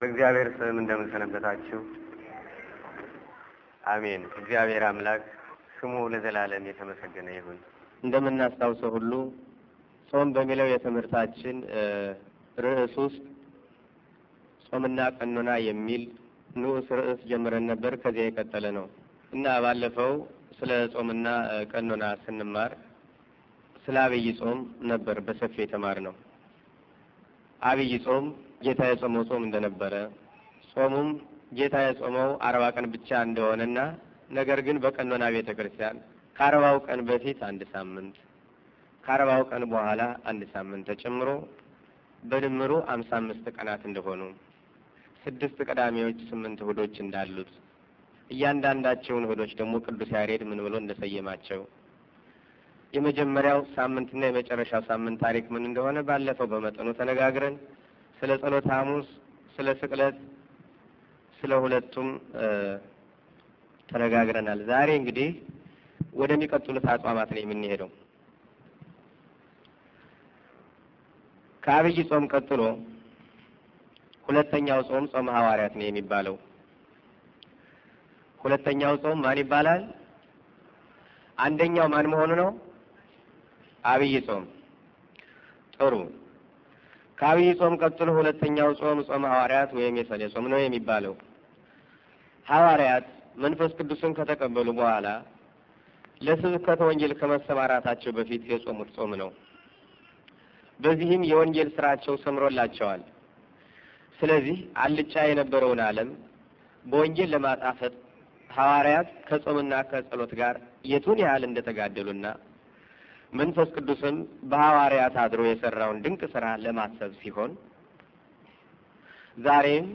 በእግዚአብሔር ስም እንደምንሰነበታችሁ። አሜን። እግዚአብሔር አምላክ ስሙ ለዘላለም የተመሰገነ ይሁን። እንደምናስታውሰው ሁሉ ጾም በሚለው የትምህርታችን ርዕስ ውስጥ ጾምና ቀኖና የሚል ንዑስ ርዕስ ጀምረን ነበር። ከዚያ የቀጠለ ነው እና ባለፈው ስለ ጾምና ቀኖና ስንማር ስለ አብይ ጾም ነበር በሰፊ የተማር ነው። አብይ ጾም ጌታ የጾመው ጾም እንደነበረ ጾሙም ጌታ የጾመው አርባ ቀን ብቻ እንደሆነና ነገር ግን በቀኖና ቤተ ክርስቲያን ከአርባው ቀን በፊት አንድ ሳምንት ከአርባው ቀን በኋላ አንድ ሳምንት ተጨምሮ በድምሩ አምሳ አምስት ቀናት እንደሆኑ ስድስት ቅዳሜዎች፣ ስምንት እሑዶች እንዳሉት እያንዳንዳቸውን እሑዶች ደግሞ ቅዱስ ያሬድ ምን ብሎ እንደሰየማቸው የመጀመሪያው ሳምንትና የመጨረሻው ሳምንት ታሪክ ምን እንደሆነ ባለፈው በመጠኑ ተነጋግረን ስለ ጸሎት ሐሙስ፣ ስለ ስቅለት፣ ስለ ሁለቱም ተነጋግረናል። ዛሬ እንግዲህ ወደሚቀጥሉት አጽዋማት ነው የምንሄደው። ከአብይ ጾም ቀጥሎ ሁለተኛው ጾም ጾም ሐዋርያት ነው የሚባለው። ሁለተኛው ጾም ማን ይባላል? አንደኛው ማን መሆኑ ነው? አብይ ጾም። ጥሩ ከአብይ ጾም ቀጥሎ ሁለተኛው ጾም ጾም ሐዋርያት ወይም የሰኔ ጾም ነው የሚባለው። ሐዋርያት መንፈስ ቅዱስን ከተቀበሉ በኋላ ለስብከተ ወንጌል ከመሰማራታቸው በፊት የጾሙት ጾም ነው። በዚህም የወንጌል ስራቸው ሰምሮላቸዋል። ስለዚህ አልጫ የነበረውን ዓለም በወንጌል ለማጣፈጥ ሐዋርያት ከጾምና ከጸሎት ጋር የቱን ያህል እንደተጋደሉና መንፈስ ቅዱስም በሐዋርያት አድሮ የሰራውን ድንቅ ስራ ለማሰብ ሲሆን ዛሬም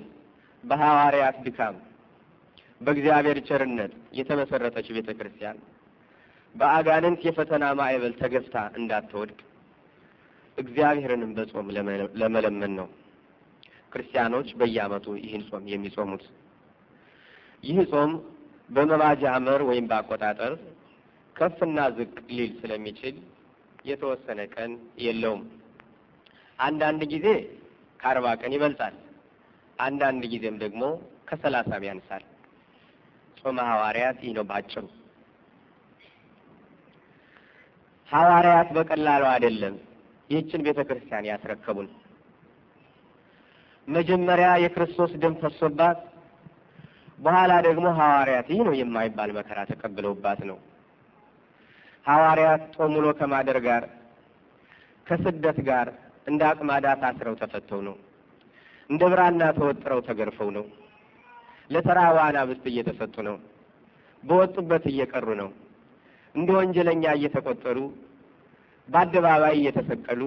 በሐዋርያት ድካም በእግዚአብሔር ቸርነት የተመሰረተች ቤተ ክርስቲያን በአጋንንት የፈተና ማዕበል ተገፍታ እንዳትወድቅ እግዚአብሔርንም በጾም ለመለመን ነው ክርስቲያኖች በየዓመቱ ይህን ጾም የሚጾሙት። ይህ ጾም በመባጃ መር ወይም በአቆጣጠር ከፍና ዝቅ ሊል ስለሚችል የተወሰነ ቀን የለውም። አንዳንድ ጊዜ ከአርባ ቀን ይበልጣል። አንዳንድ ጊዜም ደግሞ ከሰላሳም ያንሳል። ጾመ ሐዋርያት ይህ ነው ባጭሩ። ሐዋርያት በቀላሉ አይደለም ይህችን ቤተ ክርስቲያን ያስረከቡን። መጀመሪያ የክርስቶስ ደም ፈሶባት፣ በኋላ ደግሞ ሐዋርያት ይህ ነው የማይባል መከራ ተቀብለውባት ነው ሐዋርያት ጾም ውሎ ከማደር ጋር ከስደት ጋር እንደ አቅማዳ ታስረው ተፈተው ነው። እንደ ብራና ተወጥረው ተገርፈው ነው። ለተራዋ አናብስት እየተሰጡ ነው። በወጡበት እየቀሩ ነው። እንደ ወንጀለኛ እየተቆጠሩ በአደባባይ እየተሰቀሉ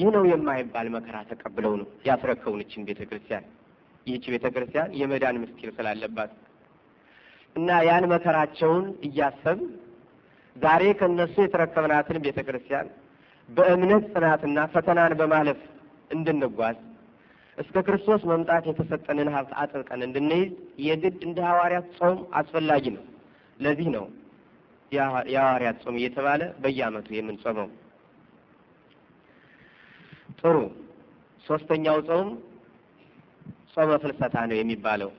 ይህ ነው የማይባል መከራ ተቀብለው ነው ያስረከቡን እችን ቤተ ክርስቲያን። ይህች ቤተ ክርስቲያን የመዳን ምስጢር ስላለባት እና ያን መከራቸውን እያሰብ ዛሬ ከእነሱ የተረከብናትን ቤተ ክርስቲያን በእምነት ጽናትና ፈተናን በማለፍ እንድንጓዝ እስከ ክርስቶስ መምጣት የተሰጠንን ሀብት አጥብቀን እንድንይዝ የግድ እንደ ሐዋርያት ጾም አስፈላጊ ነው። ለዚህ ነው የሐዋርያት ጾም እየተባለ በየዓመቱ የምንጾመው። ጥሩ። ሶስተኛው ጾም ጾመ ፍልሰታ ነው የሚባለው።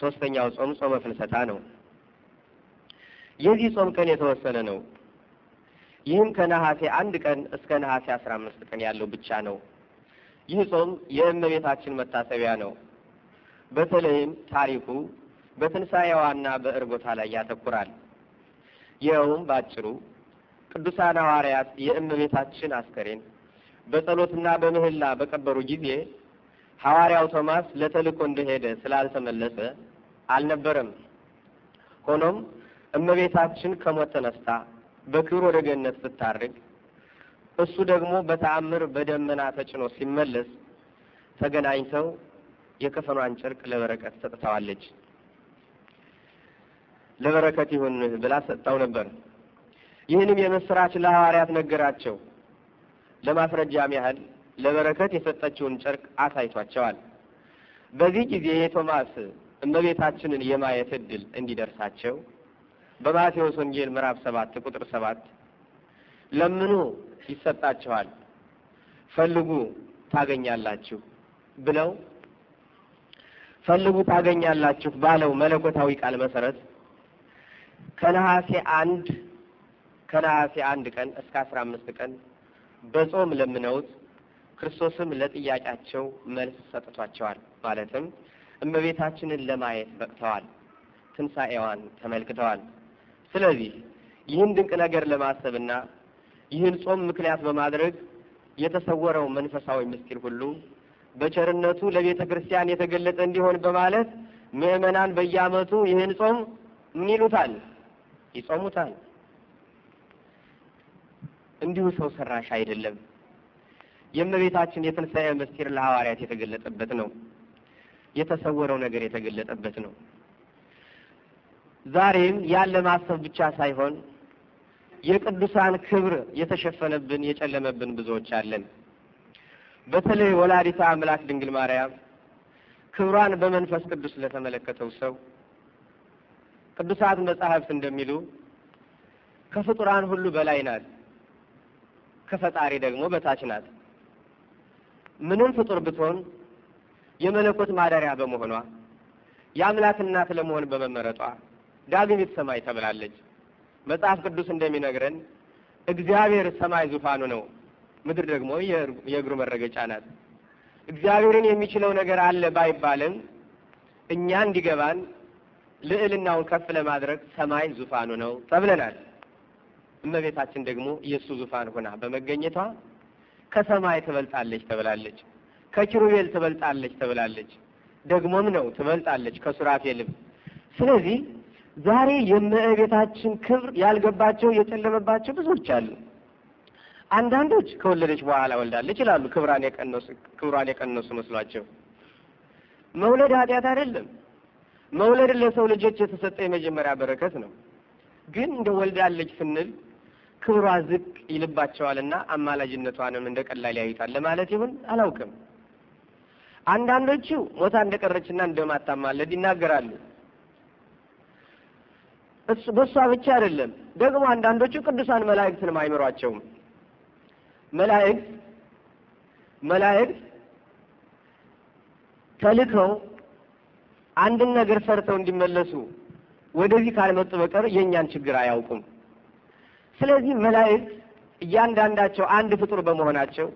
ሶስተኛው ጾም ጾመ ፍልሰታ ነው። የዚህ ጾም ቀን የተወሰነ ነው። ይህም ከነሐሴ አንድ ቀን እስከ ነሐሴ አስራ አምስት ቀን ያለው ብቻ ነው። ይህ ጾም የእመቤታችን መታሰቢያ ነው። በተለይም ታሪኩ በትንሣኤዋና በእርጎታ ላይ ያተኩራል። ይኸውም በአጭሩ ቅዱሳን ሐዋርያት የእመቤታችን አስከሬን በጸሎትና በምህላ በቀበሩ ጊዜ ሐዋርያው ቶማስ ለተልእኮ እንደሄደ ስላልተመለሰ አልነበረም። ሆኖም እመቤታችን ከሞት ተነስታ በክብር ወደ ገነት ስታርግ እሱ ደግሞ በተአምር በደመና ተጭኖ ሲመለስ ተገናኝተው የከፈኗን ጨርቅ ለበረከት ሰጥተዋለች። ለበረከት ይሁን ብላ ሰጥታው ነበር። ይህንም የምስራች ለሐዋርያት ነገራቸው። ለማስረጃም ያህል ለበረከት የሰጠችውን ጨርቅ አሳይቷቸዋል። በዚህ ጊዜ የቶማስ እመቤታችንን የማየት ዕድል እንዲደርሳቸው በማቴዎስ ወንጌል ምዕራፍ ሰባት ቁጥር ሰባት ለምኑ ይሰጣችኋል፣ ፈልጉ ታገኛላችሁ ብለው ፈልጉ ታገኛላችሁ ባለው መለኮታዊ ቃል መሰረት ከነሐሴ አንድ ከነሐሴ አንድ ቀን እስከ አስራ አምስት ቀን በጾም ለምነውት ክርስቶስም ለጥያቄያቸው መልስ ሰጥቷቸዋል። ማለትም እመቤታችንን ለማየት በቅተዋል። ትንሣኤዋን ተመልክተዋል። ስለዚህ ይህን ድንቅ ነገር ለማሰብና ይህን ጾም ምክንያት በማድረግ የተሰወረው መንፈሳዊ ምስጢር ሁሉ በቸርነቱ ለቤተ ክርስቲያን የተገለጠ እንዲሆን በማለት ምዕመናን በየዓመቱ ይህን ጾም ምን ይሉታል? ይጾሙታል። እንዲሁ ሰው ሰራሽ አይደለም። የእመቤታችን የትንሣኤ ምስጢር ለሐዋርያት የተገለጠበት ነው። የተሰወረው ነገር የተገለጠበት ነው። ዛሬም ያን ለማሰብ ብቻ ሳይሆን የቅዱሳን ክብር የተሸፈነብን የጨለመብን ብዙዎች አለን። በተለይ ወላዲተ አምላክ ድንግል ማርያም ክብሯን በመንፈስ ቅዱስ ለተመለከተው ሰው ቅዱሳት መጻሕፍት እንደሚሉ ከፍጡራን ሁሉ በላይ ናት፣ ከፈጣሪ ደግሞ በታች ናት። ምንም ፍጡር ብትሆን የመለኮት ማደሪያ በመሆኗ የአምላክ እናት ለመሆን በመመረጧ ዳግሚት ሰማይ ተብላለች። መጽሐፍ ቅዱስ እንደሚነግረን እግዚአብሔር ሰማይ ዙፋኑ ነው፣ ምድር ደግሞ የእግሩ መረገጫ ናት። እግዚአብሔርን የሚችለው ነገር አለ ባይባልም እኛ እንዲገባን ልዕልናውን ከፍ ለማድረግ ሰማይ ዙፋኑ ነው ተብለናል። እመቤታችን ደግሞ የእሱ ዙፋን ሆና በመገኘቷ ከሰማይ ትበልጣለች ተብላለች። ከኪሩቤል ትበልጣለች ተብላለች። ደግሞም ነው ትበልጣለች ከሱራፌልም። ስለዚህ ዛሬ የእመቤታችን ክብር ያልገባቸው የጨለመባቸው ብዙዎች አሉ። አንዳንዶች ከወለደች በኋላ ወልዳለች ይላሉ። ክብራን የቀነሱ ክብራን የቀነሱ መስሏቸው መውለድ ኃጢአት አይደለም። መውለድ ለሰው ልጆች የተሰጠ የመጀመሪያ በረከት ነው። ግን እንደ ወልዳለች ስንል ክብሯ ዝቅ ይልባቸዋልና አማላጅነቷንም እንደ ቀላል ያዩታል ለማለት ይሁን አላውቅም። አንዳንዶቹ ሞታ እንደቀረችና እንደማታማለድ ይናገራሉ። በእሷ ብቻ አይደለም ደግሞ አንዳንዶቹ ቅዱሳን መላእክትንም አይምሯቸውም። መላእክት መላእክት ተልከው አንድን ነገር ሰርተው እንዲመለሱ ወደዚህ ካልመጡ በቀር የእኛን ችግር አያውቁም። ስለዚህ መላእክት እያንዳንዳቸው አንድ ፍጡር በመሆናቸው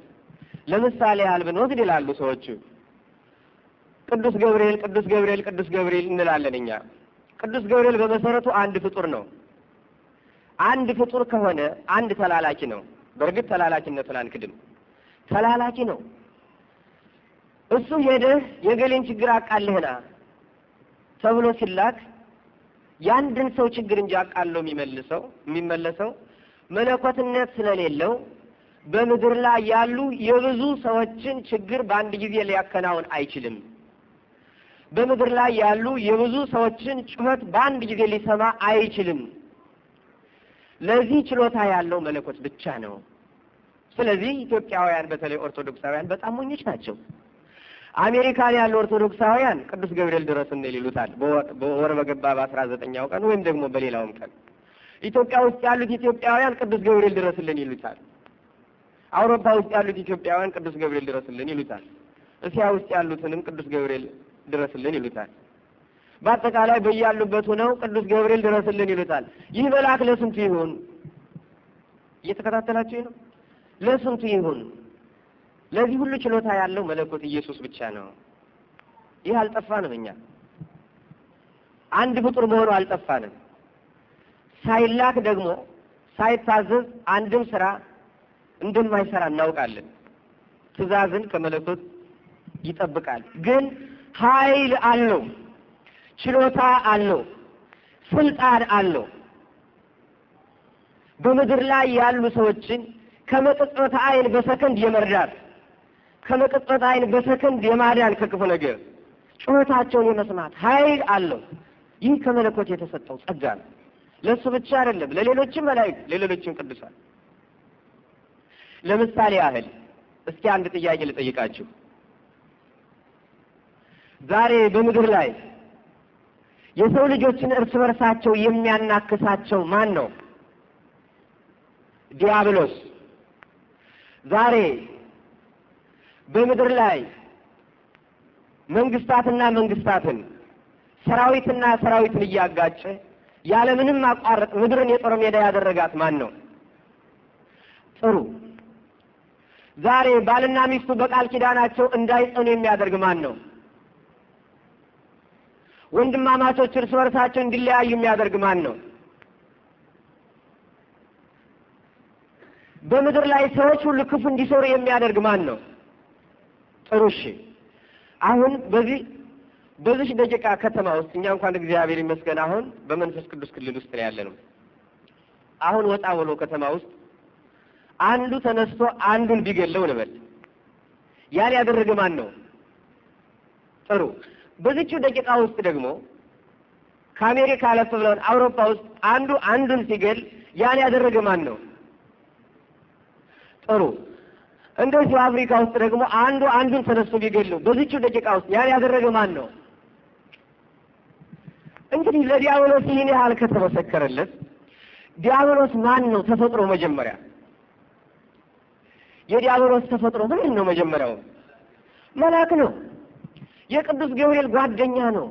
ለምሳሌ ያህል ብንወስድ ይላሉ ሰዎቹ ቅዱስ ገብርኤል ቅዱስ ገብርኤል ቅዱስ ገብርኤል እንላለን እኛ ቅዱስ ገብርኤል በመሰረቱ አንድ ፍጡር ነው። አንድ ፍጡር ከሆነ አንድ ተላላኪ ነው። በእርግጥ ተላላኪነቱን አንክድም፣ ተላላኪ ነው። እሱ ሄደህ የገሌን ችግር አቃልህና ተብሎ ሲላክ የአንድን ሰው ችግር እንጂ አቃለው የሚመልሰው የሚመለሰው መለኮትነት ስለሌለው በምድር ላይ ያሉ የብዙ ሰዎችን ችግር በአንድ ጊዜ ሊያከናውን አይችልም። በምድር ላይ ያሉ የብዙ ሰዎችን ጩኸት በአንድ ጊዜ ሊሰማ አይችልም። ለዚህ ችሎታ ያለው መለኮት ብቻ ነው። ስለዚህ ኢትዮጵያውያን በተለይ ኦርቶዶክሳውያን በጣም ሞኞች ናቸው። አሜሪካን ያሉ ኦርቶዶክሳውያን ቅዱስ ገብርኤል ድረስን ይሉታል በወር በገባ በአስራ ዘጠኛው ቀን ወይም ደግሞ በሌላውም ቀን። ኢትዮጵያ ውስጥ ያሉት ኢትዮጵያውያን ቅዱስ ገብርኤል ድረስልን ይሉታል። አውሮፓ ውስጥ ያሉት ኢትዮጵያውያን ቅዱስ ገብርኤል ድረስልን ይሉታል። እስያ ውስጥ ያሉትንም ቅዱስ ገብርኤል ድረስልን ይሉታል። በአጠቃላይ በያሉበት ሆነው ቅዱስ ገብርኤል ድረስልን ይሉታል። ይህ መልአክ ለስንቱ ይሁን? እየተከታተላችሁ ነው። ለስንቱ ይሁን? ለዚህ ሁሉ ችሎታ ያለው መለኮት ኢየሱስ ብቻ ነው። ይህ አልጠፋንም። እኛ አንድ ፍጡር መሆኑ አልጠፋንም። ሳይላክ ደግሞ ሳይታዘዝ አንድም ስራ እንደማይሰራ እናውቃለን። ትእዛዝን ከመለኮት ይጠብቃል ግን ኃይል አለው፣ ችሎታ አለው፣ ስልጣን አለው። በምድር ላይ ያሉ ሰዎችን ከመቅጽበት ዓይን በሰከንድ የመርዳት ከመቅጽበት ዓይን በሰከንድ የማዳን ከክፉ ነገር ጩኸታቸውን የመስማት ኃይል አለው። ይህ ከመለኮት የተሰጠው ጸጋ ነው። ለእሱ ብቻ አይደለም፣ ለሌሎችም መላእክት፣ ለሌሎችም ቅዱሳን። ለምሳሌ ያህል እስኪ አንድ ጥያቄ ልጠይቃችሁ። ዛሬ በምድር ላይ የሰው ልጆችን እርስ በርሳቸው የሚያናክሳቸው ማን ነው? ዲያብሎስ። ዛሬ በምድር ላይ መንግስታትና መንግስታትን፣ ሰራዊትና ሰራዊትን እያጋጨ ያለምንም ማቋረጥ ምድርን የጦር ሜዳ ያደረጋት ማን ነው? ጥሩ። ዛሬ ባልና ሚስቱ በቃል ኪዳናቸው እንዳይጸኑ የሚያደርግ ማን ነው? ወንድማማቾች እርስ በርሳቸው እንዲለያዩ የሚያደርግ ማን ነው? በምድር ላይ ሰዎች ሁሉ ክፉ እንዲሰሩ የሚያደርግ ማን ነው? ጥሩ። እሺ፣ አሁን በዚህ በዚህ ደቂቃ ከተማ ውስጥ እኛ እንኳን እግዚአብሔር ይመስገን አሁን በመንፈስ ቅዱስ ክልል ውስጥ ነው ያለነው። አሁን ወጣ ብሎ ከተማ ውስጥ አንዱ ተነስቶ አንዱን ቢገለው እንበል ያን ያደረገ ማን ነው? ጥሩ በዚቹ ደቂቃ ውስጥ ደግሞ ከአሜሪካ አለፍ ብለን አውሮፓ ውስጥ አንዱ አንዱን ሲገል ያን ያደረገ ማን ነው? ጥሩ እንደዚሁ አፍሪካ ውስጥ ደግሞ አንዱ አንዱን ተነስቶ ቢገሉ በዚቹ ደቂቃ ውስጥ ያን ያደረገ ማን ነው? እንግዲህ ለዲያብሎስ ይህን ያህል ከተመሰከረለት ዲያብሎስ ማን ነው? ተፈጥሮ መጀመሪያ የዲያብሎስ ተፈጥሮ ምንድን ነው? መጀመሪያው መልአክ ነው። የቅዱስ ገብርኤል ጓደኛ ነው።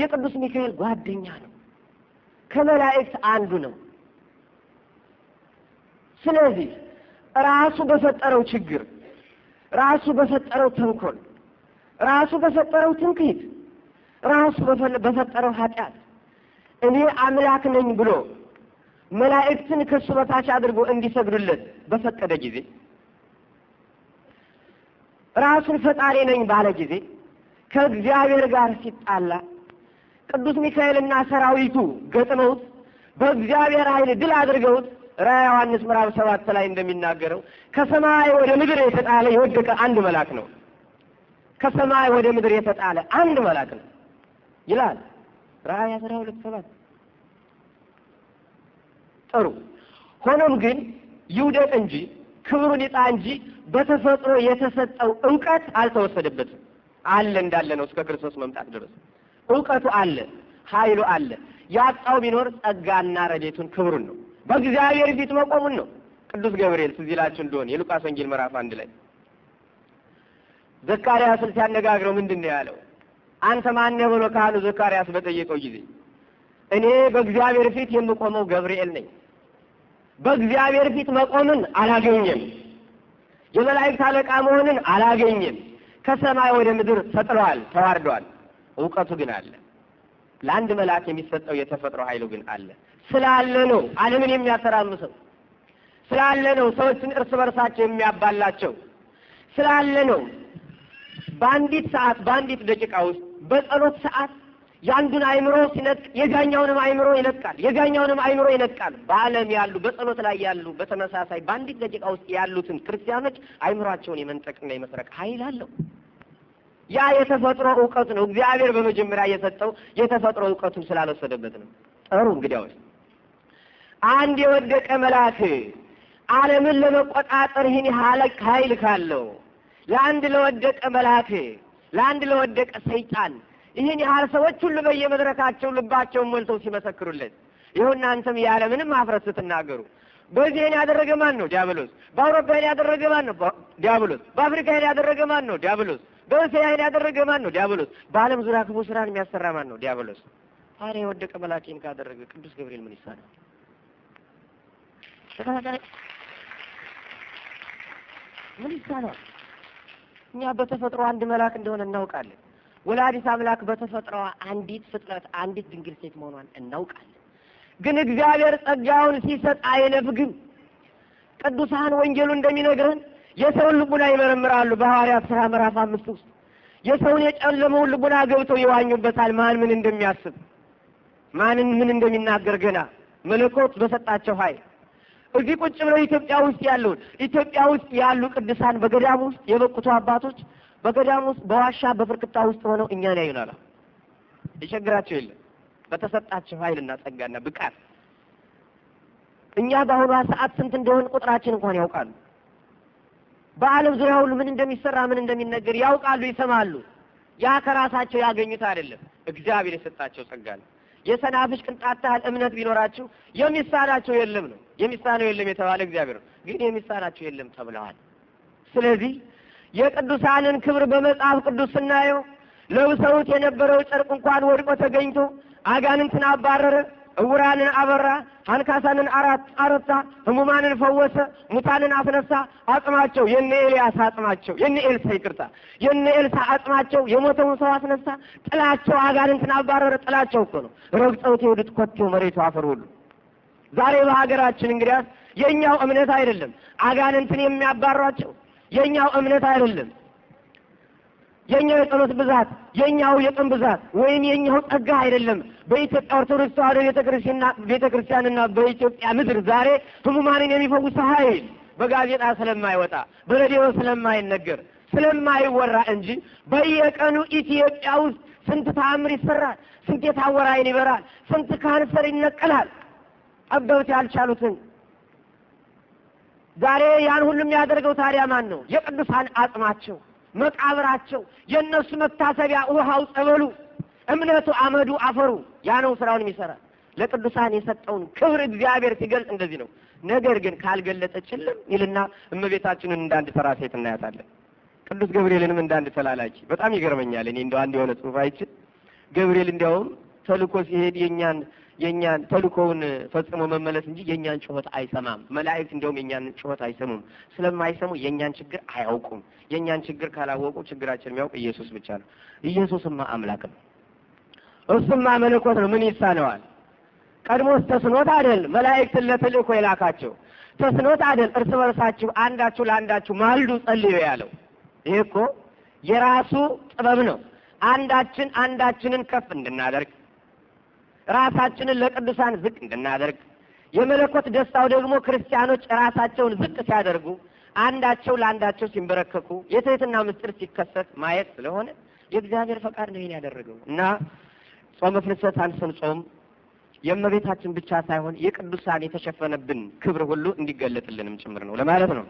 የቅዱስ ሚካኤል ጓደኛ ነው። ከመላእክት አንዱ ነው። ስለዚህ ራሱ በፈጠረው ችግር፣ ራሱ በፈጠረው ተንኮል፣ ራሱ በፈጠረው ትንክት፣ ራሱ በፈጠረው ኃጢአት እኔ አምላክ ነኝ ብሎ መላእክትን ከሱ በታች አድርጎ እንዲሰግዱለት በፈቀደ ጊዜ ራሱን ፈጣሪ ነኝ ባለ ጊዜ ከእግዚአብሔር ጋር ሲጣላ ቅዱስ ሚካኤልና ሰራዊቱ ገጥመውት በእግዚአብሔር ኃይል ድል አድርገውት ራ ዮሐንስ ምዕራፍ ሰባት ላይ እንደሚናገረው ከሰማይ ወደ ምድር የተጣለ የወደቀ አንድ መልአክ ነው። ከሰማይ ወደ ምድር የተጣለ አንድ መልአክ ነው ይላል ራዕይ አስራ ሁለት ሰባት ጥሩ። ሆኖም ግን ይውደቅ እንጂ ክብሩን ይጣ እንጂ በተፈጥሮ የተሰጠው እውቀት አልተወሰደበትም። አለ እንዳለ ነው። እስከ ክርስቶስ መምጣት ድረስ እውቀቱ አለ፣ ኃይሉ አለ። ያጣው ቢኖር ጸጋና ረዴቱን ክብሩን ነው፣ በእግዚአብሔር ፊት መቆሙን ነው። ቅዱስ ገብርኤል ትዝ ይላችሁ እንደሆነ የሉቃስ ወንጌል ምዕራፍ አንድ ላይ ዘካርያስን ሲያነጋግረው ምንድን ነው ያለው? አንተ ማን ብሎ ካህኑ ዘካርያስ በጠየቀው ጊዜ እኔ በእግዚአብሔር ፊት የምቆመው ገብርኤል ነኝ፣ በእግዚአብሔር ፊት መቆምን አላገኘም፣ የመላእክት አለቃ መሆንን አላገኘም ከሰማይ ወደ ምድር ተጥሏል ተዋርዷል። እውቀቱ ግን አለ። ለአንድ መልአክ የሚሰጠው የተፈጥሮ ኃይሉ ግን አለ። ስላለ ነው ዓለምን የሚያተራምሰው፣ ስላለ ነው ሰዎችን እርስ በርሳቸው የሚያባላቸው፣ ስላለ ነው በአንዲት ሰዓት በአንዲት ደቂቃ ውስጥ በጸሎት ሰዓት የአንዱን አይምሮ ሲነጥቅ የጋኛውንም አይምሮ ይነጥቃል፣ የጋኛውንም አይምሮ ይነጥቃል። በዓለም ያሉ በጸሎት ላይ ያሉ በተመሳሳይ በአንዲት ደቂቃ ውስጥ ያሉትን ክርስቲያኖች አእምሯቸውን የመንጠቅና የመስረቅ ኃይል አለው። ያ የተፈጥሮ እውቀት ነው። እግዚአብሔር በመጀመሪያ የሰጠው የተፈጥሮ እውቀቱን ስላልወሰደበት ነው። ጥሩ እንግዲያውስ አንድ የወደቀ መልአክ ዓለምን ለመቆጣጠር ይህን ኃይል ካለው ለአንድ ለወደቀ መልአክ ለአንድ ለወደቀ ሰይጣን ይህን ያህል ሰዎች ሁሉ በየመድረካቸው ልባቸውን ሞልተው ሲመሰክሩለት ይኸው እናንተም ያለምንም አፍረት ስትናገሩ ይሄን ያደረገ ማን ነው? ዲያብሎስ። በአውሮፓ በአውሮፓን ያደረገ ማን ነው? ዲያብሎስ። በአፍሪካ በአፍሪካን ያደረገ ማን ነው? ዲያብሎስ። በእስያን ያደረገ ማን ነው? ዲያብሎስ። በአለም ዙሪያ ክፉ ስራን የሚያሰራ ማን ነው? ዲያብሎስ። ታዲያ የወደቀ መላኪን ካደረገ ቅዱስ ገብርኤል ምን ይሳናል? ምን ይሳናል? እኛ በተፈጥሮ አንድ መልአክ እንደሆነ እናውቃለን። ወላዲት አምላክ በተፈጥሯ አንዲት ፍጥረት አንዲት ድንግል ሴት መሆኗን እናውቃለን። ግን እግዚአብሔር ጸጋውን ሲሰጥ አይነፍግም። ቅዱሳን ወንጌሉ እንደሚነግረን የሰውን ልቡና ይመረምራሉ። በሐዋርያት ሥራ ምዕራፍ አምስት ውስጥ የሰውን የጨለመውን ልቡና ገብተው ይዋኙበታል። ማን ምን እንደሚያስብ ማንን ምን እንደሚናገር ገና መለኮት በሰጣቸው ኃይል እዚህ ቁጭ ብለው ኢትዮጵያ ውስጥ ያለውን ኢትዮጵያ ውስጥ ያሉ ቅዱሳን በገዳም ውስጥ የበቁቱ አባቶች በገዳም ውስጥ በዋሻ በፍርክታ ውስጥ ሆነው እኛን ያዩናል። የቸግራቸው የለም በተሰጣቸው ኃይልና ጸጋና ብቃት እኛ በአሁኗ ሰዓት ስንት እንደሆን ቁጥራችን እንኳን ያውቃሉ። በዓለም ዙሪያ ሁሉ ምን እንደሚሰራ ምን እንደሚነገር ያውቃሉ፣ ይሰማሉ። ያ ከራሳቸው ያገኙት አይደለም፣ እግዚአብሔር የሰጣቸው ጸጋ ነው። የሰናፍጭ ቅንጣት እምነት ቢኖራችሁ የሚሳናቸው የለም ነው። የሚሳነው የለም የተባለ እግዚአብሔር ነው፣ ግን የሚሳናቸው የለም ተብለዋል። ስለዚህ የቅዱሳንን ክብር በመጽሐፍ ቅዱስ ስናየው ለብሰውት የነበረው ጨርቅ እንኳን ወድቆ ተገኝቶ አጋንንትን አባረረ፣ እውራንን አበራ፣ አንካሳንን አረታ፣ ህሙማንን ፈወሰ፣ ሙታንን አስነሳ። አጽማቸው የነ ኤልያስ አጽማቸው የነ ኤልሳ ይቅርታ፣ የነ ኤልሳ አጽማቸው የሞተውን ሰው አስነሳ። ጥላቸው አጋንንትን አባረረ። ጥላቸው እኮ ነው ረግጠውት የወዱት ኮቴው መሬቱ አፈር ሁሉ። ዛሬ በሀገራችን እንግዲያስ የእኛው እምነት አይደለም አጋንንትን የሚያባሯቸው የኛው እምነት አይደለም፣ የኛው የጸሎት ብዛት፣ የኛው የቀን ብዛት ወይም የኛው ጸጋ አይደለም። በኢትዮጵያ ኦርቶዶክስ ተዋህዶ ቤተክርስቲያንና በኢትዮጵያ ምድር ዛሬ ህሙማንን የሚፈውስ ኃይል በጋዜጣ ስለማይወጣ በሬዲዮ ስለማይነገር ስለማይወራ እንጂ በየቀኑ ኢትዮጵያ ውስጥ ስንት ተአምር ይሰራል፣ ስንት የታወረ አይን ይበራል፣ ስንት ካንሰር ይነቀላል። ጠበብት ያልቻሉትን ዛሬ ያን ሁሉ የሚያደርገው ታዲያ ማን ነው? የቅዱሳን አጽማቸው፣ መቃብራቸው፣ የእነሱ መታሰቢያ ውሃው፣ ጸበሉ፣ እምነቱ፣ አመዱ፣ አፈሩ ያ ነው ስራውን የሚሰራ። ለቅዱሳን የሰጠውን ክብር እግዚአብሔር ሲገልጽ እንደዚህ ነው። ነገር ግን ችልም ይልና እመቤታችንን እንዳንድ ተራ ሴት እናያታለን። ቅዱስ ገብርኤልንም አንድ ተላላኪ በጣም ይገርመኛል። እኔ እንደው አንድ የሆነ ጽሑፍ አይችል ገብርኤል እንዲያውም ተልኮ ሲሄድ የእኛን የእኛን ተልኮውን ፈጽሞ መመለስ እንጂ የእኛን ጩኸት አይሰማም። መላእክት እንደውም የእኛን ጩኸት አይሰሙም። ስለማይሰሙ የእኛን ችግር አያውቁም። የእኛን ችግር ካላወቁ ችግራችን የሚያውቅ ኢየሱስ ብቻ ነው። ኢየሱስማ አምላክ ነው። እሱማ መለኮት ነው። ምን ይሳነዋል? ቀድሞስ ተስኖት አይደል መላእክትን ለተልእኮ የላካቸው? ተስኖት አይደል እርስ በርሳችሁ አንዳችሁ ለአንዳችሁ ማልዱ ጸልዩ ያለው? ይሄ እኮ የራሱ ጥበብ ነው። አንዳችን አንዳችንን ከፍ እንድናደርግ ራሳችንን ለቅዱሳን ዝቅ እንድናደርግ የመለኮት ደስታው ደግሞ ክርስቲያኖች ራሳቸውን ዝቅ ሲያደርጉ አንዳቸው ለአንዳቸው ሲንበረከኩ የትህትና ምስጢር ሲከሰት ማየት ስለሆነ የእግዚአብሔር ፈቃድ ነው ይህን ያደረገው እና ጾመ ፍልሰት አንስን ጾም የእመቤታችን ብቻ ሳይሆን የቅዱሳን የተሸፈነብን ክብር ሁሉ እንዲገለጥልንም ጭምር ነው ለማለት ነው።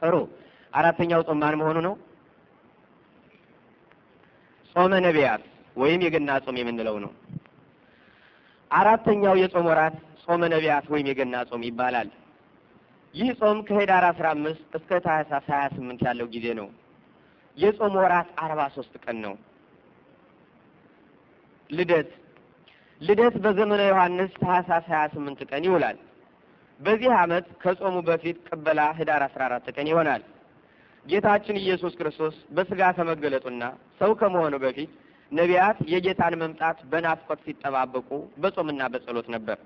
ጥሩ አራተኛው ጾም ማን መሆኑ ነው? ጾመ ነቢያት ወይም የገና ጾም የምንለው ነው። አራተኛው የጾም ወራት ጾመ ነቢያት ወይም የገና ጾም ይባላል። ይህ ጾም ከህዳር 15 እስከ ታህሳስ 28 ያለው ጊዜ ነው። የጾም ወራት 43 ቀን ነው። ልደት ልደት በዘመነ ዮሐንስ ታህሳስ 28 ቀን ይውላል። በዚህ ዓመት ከጾሙ በፊት ቅበላ ህዳር 14 ቀን ይሆናል። ጌታችን ኢየሱስ ክርስቶስ በስጋ ከመገለጡና ሰው ከመሆኑ በፊት ነቢያት የጌታን መምጣት በናፍቆት ሲጠባበቁ በጾምና በጸሎት ነበር።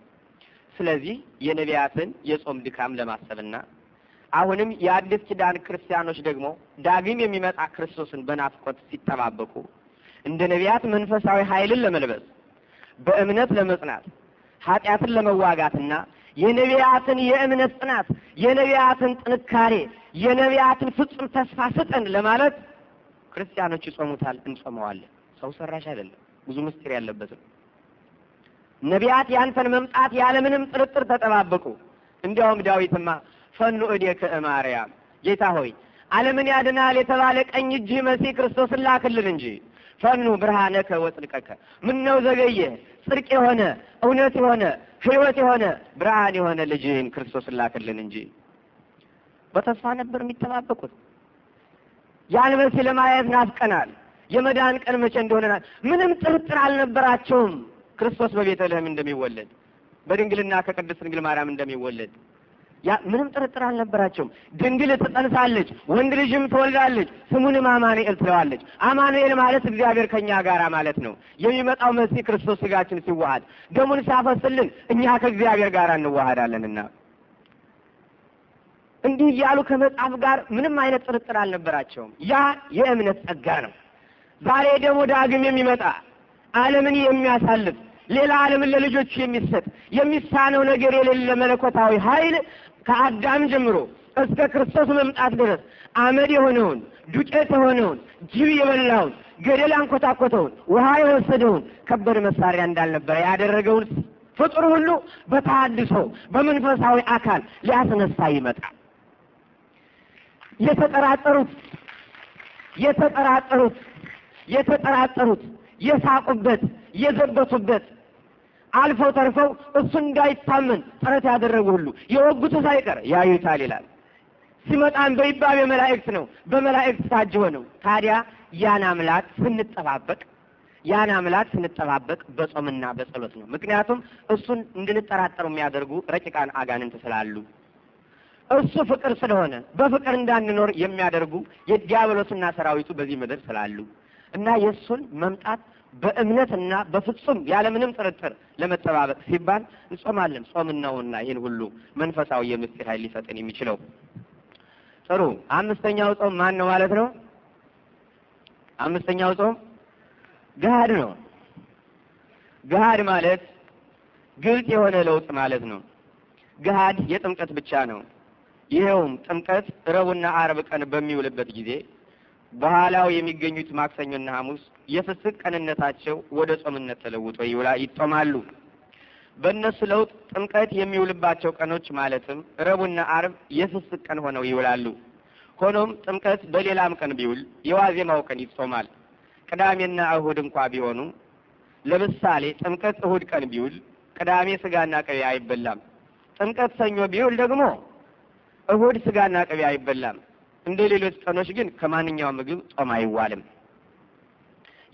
ስለዚህ የነቢያትን የጾም ድካም ለማሰብና አሁንም የአዲስ ኪዳን ክርስቲያኖች ደግሞ ዳግም የሚመጣ ክርስቶስን በናፍቆት ሲጠባበቁ እንደ ነቢያት መንፈሳዊ ኃይልን ለመልበስ በእምነት ለመጽናት ኃጢአትን ለመዋጋትና የነቢያትን የእምነት ጽናት የነቢያትን ጥንካሬ የነቢያትን ፍጹም ተስፋ ስጠን ለማለት ክርስቲያኖች ይጾሙታል፣ እንጾመዋለን። ሰው ሰራሽ አይደለም። ብዙ ምስጢር ያለበት ነው። ነቢያት ያንተን መምጣት ያለምንም ጥርጥር ተጠባበቁ። እንዲያውም ዳዊትማ ፈኑ እዴ እማርያም ጌታ ሆይ ዓለምን ያድናል የተባለ ቀኝ እጅ መሲህ ክርስቶስን ላክልን እንጂ ፈኑ ብርሃነከ ወጽድቀከ ምን ነው ዘገየ? ጽድቅ የሆነ እውነት የሆነ ህይወት የሆነ ብርሃን የሆነ ልጅህን ክርስቶስ ላክልን እንጂ። በተስፋ ነበር የሚጠባበቁት። ያን መሲህ ለማየት ናፍቀናል። የመዳን ቀን መቼ እንደሆነና ምንም ጥርጥር አልነበራቸውም። ክርስቶስ በቤተልሔም እንደሚወለድ በድንግልና ከቅድስት ድንግል ማርያም እንደሚወለድ ያ ምንም ጥርጥር አልነበራቸውም። ድንግል ተጠንሳለች ወንድ ልጅም ትወልዳለች፣ ስሙንም አማኑኤል ትለዋለች። አማኑኤል ማለት እግዚአብሔር ከኛ ጋር ማለት ነው። የሚመጣው መሲህ ክርስቶስ ስጋችን ሲዋሃድ ደሙን ሲያፈስልን እኛ ከእግዚአብሔር ጋር እንዋሃዳለንና እንዲህ እያሉ ከመጽሐፍ ጋር ምንም አይነት ጥርጥር አልነበራቸውም። ያ የእምነት ጸጋ ነው። ዛሬ ደግሞ ዳግም የሚመጣ ዓለምን የሚያሳልፍ ሌላ ዓለምን ለልጆች የሚሰጥ የሚሳነው ነገር የሌለ መለኮታዊ ኃይል ከአዳም ጀምሮ እስከ ክርስቶስ መምጣት ድረስ አመድ የሆነውን ዱቄት የሆነውን ጅብ የበላውን ገደል አንኮታኮተውን ውሃ የወሰደውን ከበድ መሳሪያ እንዳልነበረ ያደረገውን ፍጡር ሁሉ በታድሶ በመንፈሳዊ አካል ሊያስነሳ ይመጣል። የተጠራጠሩት የተጠራጠሩት የተጠራጠሩት፣ የሳቁበት፣ የዘበቱበት አልፈው ተርፈው እሱ እንዳይታመን ጥረት ያደረጉ ሁሉ የወጉቱ ሳይቀር ያዩታል ይላል። ሲመጣም በይባብ የመላእክት ነው፣ በመላእክት ታጅቦ ነው። ታዲያ ያን አምላክ ስንጠባበቅ ያን አምላክ ስንጠባበቅ በጾምና በጸሎት ነው። ምክንያቱም እሱን እንድንጠራጠሩ የሚያደርጉ ረቂቃን አጋንንት ስላሉ እሱ ፍቅር ስለሆነ በፍቅር እንዳንኖር የሚያደርጉ የዲያብሎስና ሰራዊቱ በዚህ ምድር ስላሉ እና የእሱን መምጣት በእምነትና በፍጹም ያለምንም ጥርጥር ለመጠባበቅ ሲባል እንጾማለን። ጾምናውና ይህን ሁሉ መንፈሳዊ የምስጢር ኃይል ሊሰጥን የሚችለው ጥሩ። አምስተኛው ጾም ማን ነው ማለት ነው? አምስተኛው ጾም ገሃድ ነው። ገሃድ ማለት ግልጽ የሆነ ለውጥ ማለት ነው። ገሃድ የጥምቀት ብቻ ነው። ይኸውም ጥምቀት ረቡዕና አርብ ቀን በሚውልበት ጊዜ በኋላው የሚገኙት ማክሰኞና ሐሙስ የፍስክ ቀንነታቸው ወደ ጾምነት ተለውጦ ይውላ ይጾማሉ። በእነሱ ለውጥ ጥምቀት የሚውልባቸው ቀኖች ማለትም ረቡና አርብ የፍስክ ቀን ሆነው ይውላሉ። ሆኖም ጥምቀት በሌላም ቀን ቢውል የዋዜማው ቀን ይጾማል። ቅዳሜና እሁድ እንኳ ቢሆኑ ለምሳሌ ጥምቀት እሁድ ቀን ቢውል ቅዳሜ ስጋና ቅቤ አይበላም። ጥምቀት ሰኞ ቢውል ደግሞ እሁድ ስጋና ቅቤ አይበላም። እንደ ሌሎች ቀኖች ግን ከማንኛውም ምግብ ጾም አይዋልም።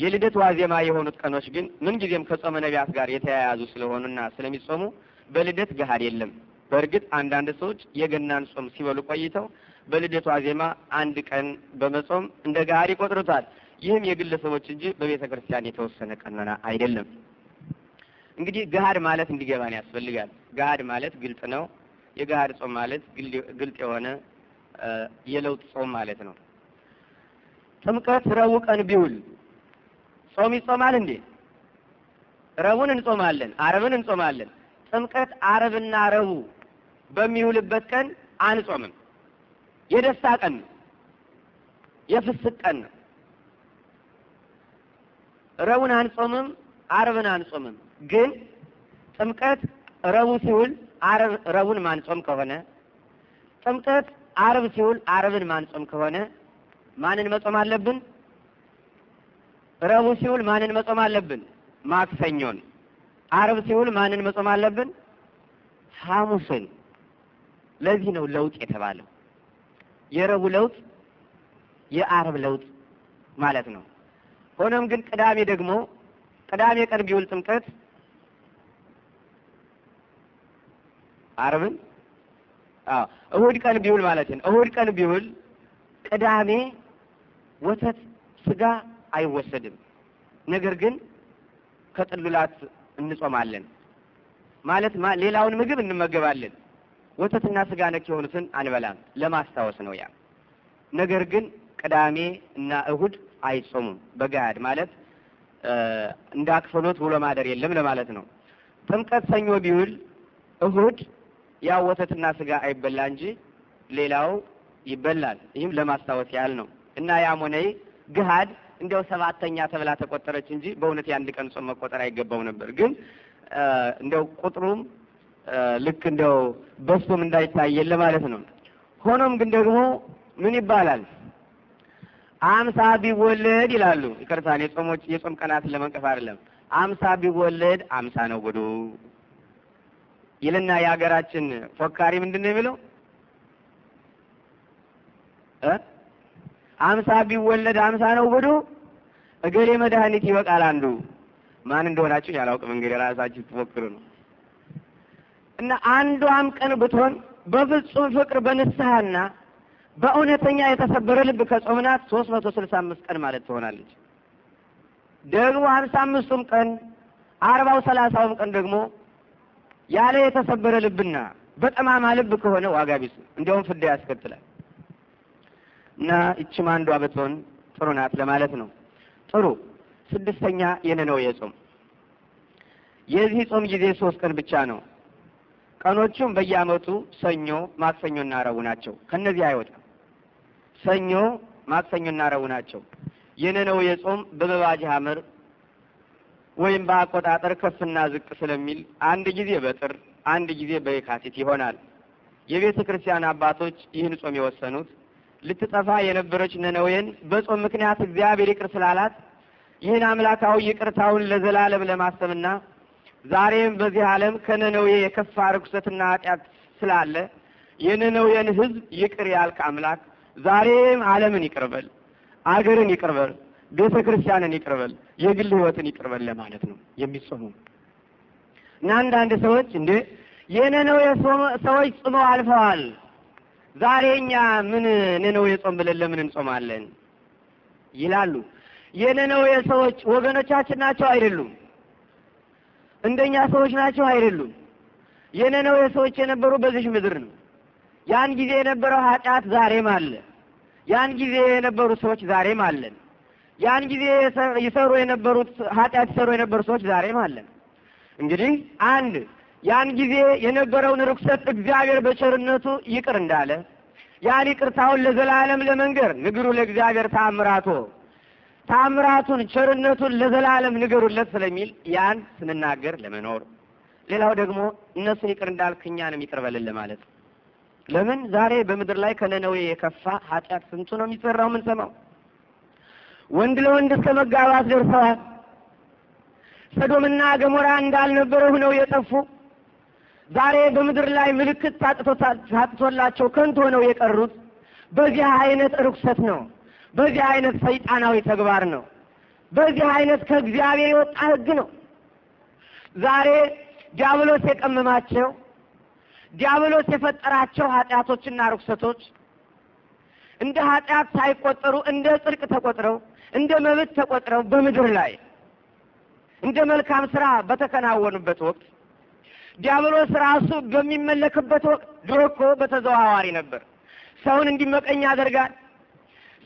የልደት ዋዜማ የሆኑት ቀኖች ግን ምንጊዜም ከጾመ ነቢያት ጋር የተያያዙ ስለሆኑና ስለሚጾሙ በልደት ገሀድ የለም። በእርግጥ አንዳንድ ሰዎች የገናን ጾም ሲበሉ ቆይተው በልደት ዋዜማ አንድ ቀን በመጾም እንደ ገሀድ ይቆጥሩታል። ይህም የግለሰቦች እንጂ በቤተ ክርስቲያን የተወሰነ ቀኖና አይደለም። እንግዲህ ገሀድ ማለት እንዲገባን ያስፈልጋል። ገሀድ ማለት ግልጥ ነው። የገሀድ ጾም ማለት ግልጥ የሆነ የለውጥ ጾም ማለት ነው። ጥምቀት ረቡዕ ቀን ቢውል ጾም ይጾማል እንዴ? ረቡዕን እንጾማለን፣ አረብን እንጾማለን። ጥምቀት አረብና ረቡዕ በሚውልበት ቀን አንጾምም። የደስታ ቀን ነው፣ የፍስቅ ቀን ነው። ረቡዕን አንጾምም፣ አረብን አንጾምም። ግን ጥምቀት ረቡዕ ሲውል አረብ ረቡዕን ማንጾም ከሆነ ጥምቀት አርብ ሲሆን አርብን ማንጾም ከሆነ ማንን መጾም አለብን? ረቡዕ ሲውል ማንን መጾም አለብን? ማክሰኞን። አርብ ሲውል ማንን መጾም አለብን? ሐሙስን። ለዚህ ነው ለውጥ የተባለው። የረቡዕ ለውጥ የአርብ ለውጥ ማለት ነው። ሆኖም ግን ቅዳሜ ደግሞ ቅዳሜ ቀን ቢውል ጥምቀት አርብን እሁድ ቀን ቢውል ማለት ነው። እሁድ ቀን ቢውል ቅዳሜ ወተት፣ ስጋ አይወሰድም። ነገር ግን ከጥሉላት እንጾማለን ማለት ሌላውን ምግብ እንመገባለን። ወተትና ስጋ ነክ የሆኑትን አንበላም። ለማስታወስ ነው ያ። ነገር ግን ቅዳሜ እና እሁድ አይጾሙም በጋድ ማለት እንዳክፈሎት አክፈሎት ውሎ ማደር የለም ለማለት ነው። ጥምቀት ሰኞ ቢውል እሁድ ያ ወተትና ስጋ አይበላ እንጂ ሌላው ይበላል። ይህም ለማስታወስ ያህል ነው እና የአሞኔ ግሃድ እንደው ሰባተኛ ተብላ ተቆጠረች እንጂ በእውነት የአንድ ቀን ጾም መቆጠር አይገባው ነበር። ግን እንደው ቁጥሩም ልክ እንደው በስቶም እንዳይታየን ለማለት ነው። ሆኖም ግን ደግሞ ምን ይባላል አምሳ ቢወለድ ይላሉ። ይቅርታ የጾሞች የጾም ቀናትን ለመንቀፍ አይደለም። አምሳ ቢወለድ አምሳ ነው ጉዱ ይልና የሀገራችን ፎካሪ ምንድን ነው የሚለው? አምሳ ቢወለድ አምሳ ነው ብዱ እገሌ መድኃኒት ይበቃል አንዱ። ማን እንደሆናችሁ ያላውቅም እንግዲህ ራሳችሁ ትፎክሩ ነው። እና አንዷም ቀን ብትሆን በፍጹም ፍቅር በንስሐና በእውነተኛ የተሰበረ ልብ ከጾምናት ሶስት መቶ ስልሳ አምስት ቀን ማለት ትሆናለች። ደግሞ ሀምሳ አምስቱም ቀን አርባው ሰላሳውም ቀን ደግሞ ያለ የተሰበረ ልብና በጠማማ ልብ ከሆነ ዋጋ ቢስ እንዲሁም እንዲያውም ፍዳ ያስከትላል። እና ይችም አንዷ ብትሆን ጥሩ ናት ለማለት ነው። ጥሩ ስድስተኛ የነነዌ ጾም። የዚህ ጾም ጊዜ ሶስት ቀን ብቻ ነው። ቀኖቹም በየዓመቱ ሰኞ፣ ማክሰኞና ረቡ ናቸው። ከነዚህ አይወጣም። ሰኞ፣ ማክሰኞና ረቡ ናቸው። የነነዌ ጾም በመባጅ ሐመር ወይም በአቆጣጠር ከፍና ዝቅ ስለሚል አንድ ጊዜ በጥር አንድ ጊዜ በየካቲት ይሆናል። የቤተ ክርስቲያን አባቶች ይህን ጾም የወሰኑት ልትጠፋ የነበረች ነነዌን በጾም ምክንያት እግዚአብሔር ይቅር ስላላት ይህን አምላካዊ ይቅርታውን ለዘላለም ለማሰብና ዛሬም በዚህ ዓለም ከነነዌ የከፋ ርኩሰትና ኃጢአት ስላለ የነነዌን ሕዝብ ይቅር ያልክ አምላክ ዛሬም ዓለምን ይቅርበል፣ አገርን ይቅርበል ቤተ ክርስቲያንን ይቅርበል፣ የግል ህይወትን ይቅርበል ለማለት ነው የሚጾሙ እና አንዳንድ ሰዎች እንዴ የነነዌ ሰዎች ጽመው አልፈዋል፣ ዛሬ እኛ ምን ነነዌ ጾም ብለን ለምን እንጾማለን ይላሉ። የነነዌ ሰዎች ወገኖቻችን ናቸው አይደሉም? እንደኛ ሰዎች ናቸው አይደሉም? የነነዌ ሰዎች የነበሩ በዚህ ምድር ነው። ያን ጊዜ የነበረው ኃጢአት ዛሬም አለ። ያን ጊዜ የነበሩ ሰዎች ዛሬም አለን። ያን ጊዜ ይሰሩ የነበሩት ኃጢአት ይሰሩ የነበሩ ሰዎች ዛሬም ማለት እንግዲህ አንድ ያን ጊዜ የነበረውን ርኩሰት እግዚአብሔር በቸርነቱ ይቅር እንዳለ ያን ይቅርታውን ለዘላለም ለመንገር ንግሩ ለእግዚአብሔር ታምራቶ ታምራቱን ቸርነቱን ለዘላለም ንገሩለት ስለሚል ያን ስንናገር ለመኖር ሌላው ደግሞ እነሱን ይቅር እንዳልክ እኛንም ይቅር በልን ለማለት ለምን ዛሬ በምድር ላይ ከነነዌ የከፋ ኃጢአት ስንቱ ነው የሚሰራው? ሰማው ወንድ ለወንድ እስከ መጋባት ደርሰዋል። ሰዶምና ገሞራ እንዳልነበረ ሆነው የጠፉ ዛሬ በምድር ላይ ምልክት ታጥቶላቸው ከንቱ ሆነው የቀሩት በዚህ አይነት ርኩሰት ነው። በዚህ አይነት ሰይጣናዊ ተግባር ነው። በዚህ አይነት ከእግዚአብሔር የወጣ ሕግ ነው። ዛሬ ዲያብሎስ የቀመማቸው ዲያብሎስ የፈጠራቸው ኃጢአቶችና ርኩሰቶች እንደ ኃጢአት ሳይቆጠሩ እንደ ጽድቅ ተቆጥረው እንደ መብት ተቆጥረው በምድር ላይ እንደ መልካም ስራ በተከናወኑበት ወቅት ዲያብሎስ ራሱ በሚመለክበት ወቅት ድሮ እኮ በተዘዋዋሪ ነበር። ሰውን እንዲመቀኝ ያደርጋል።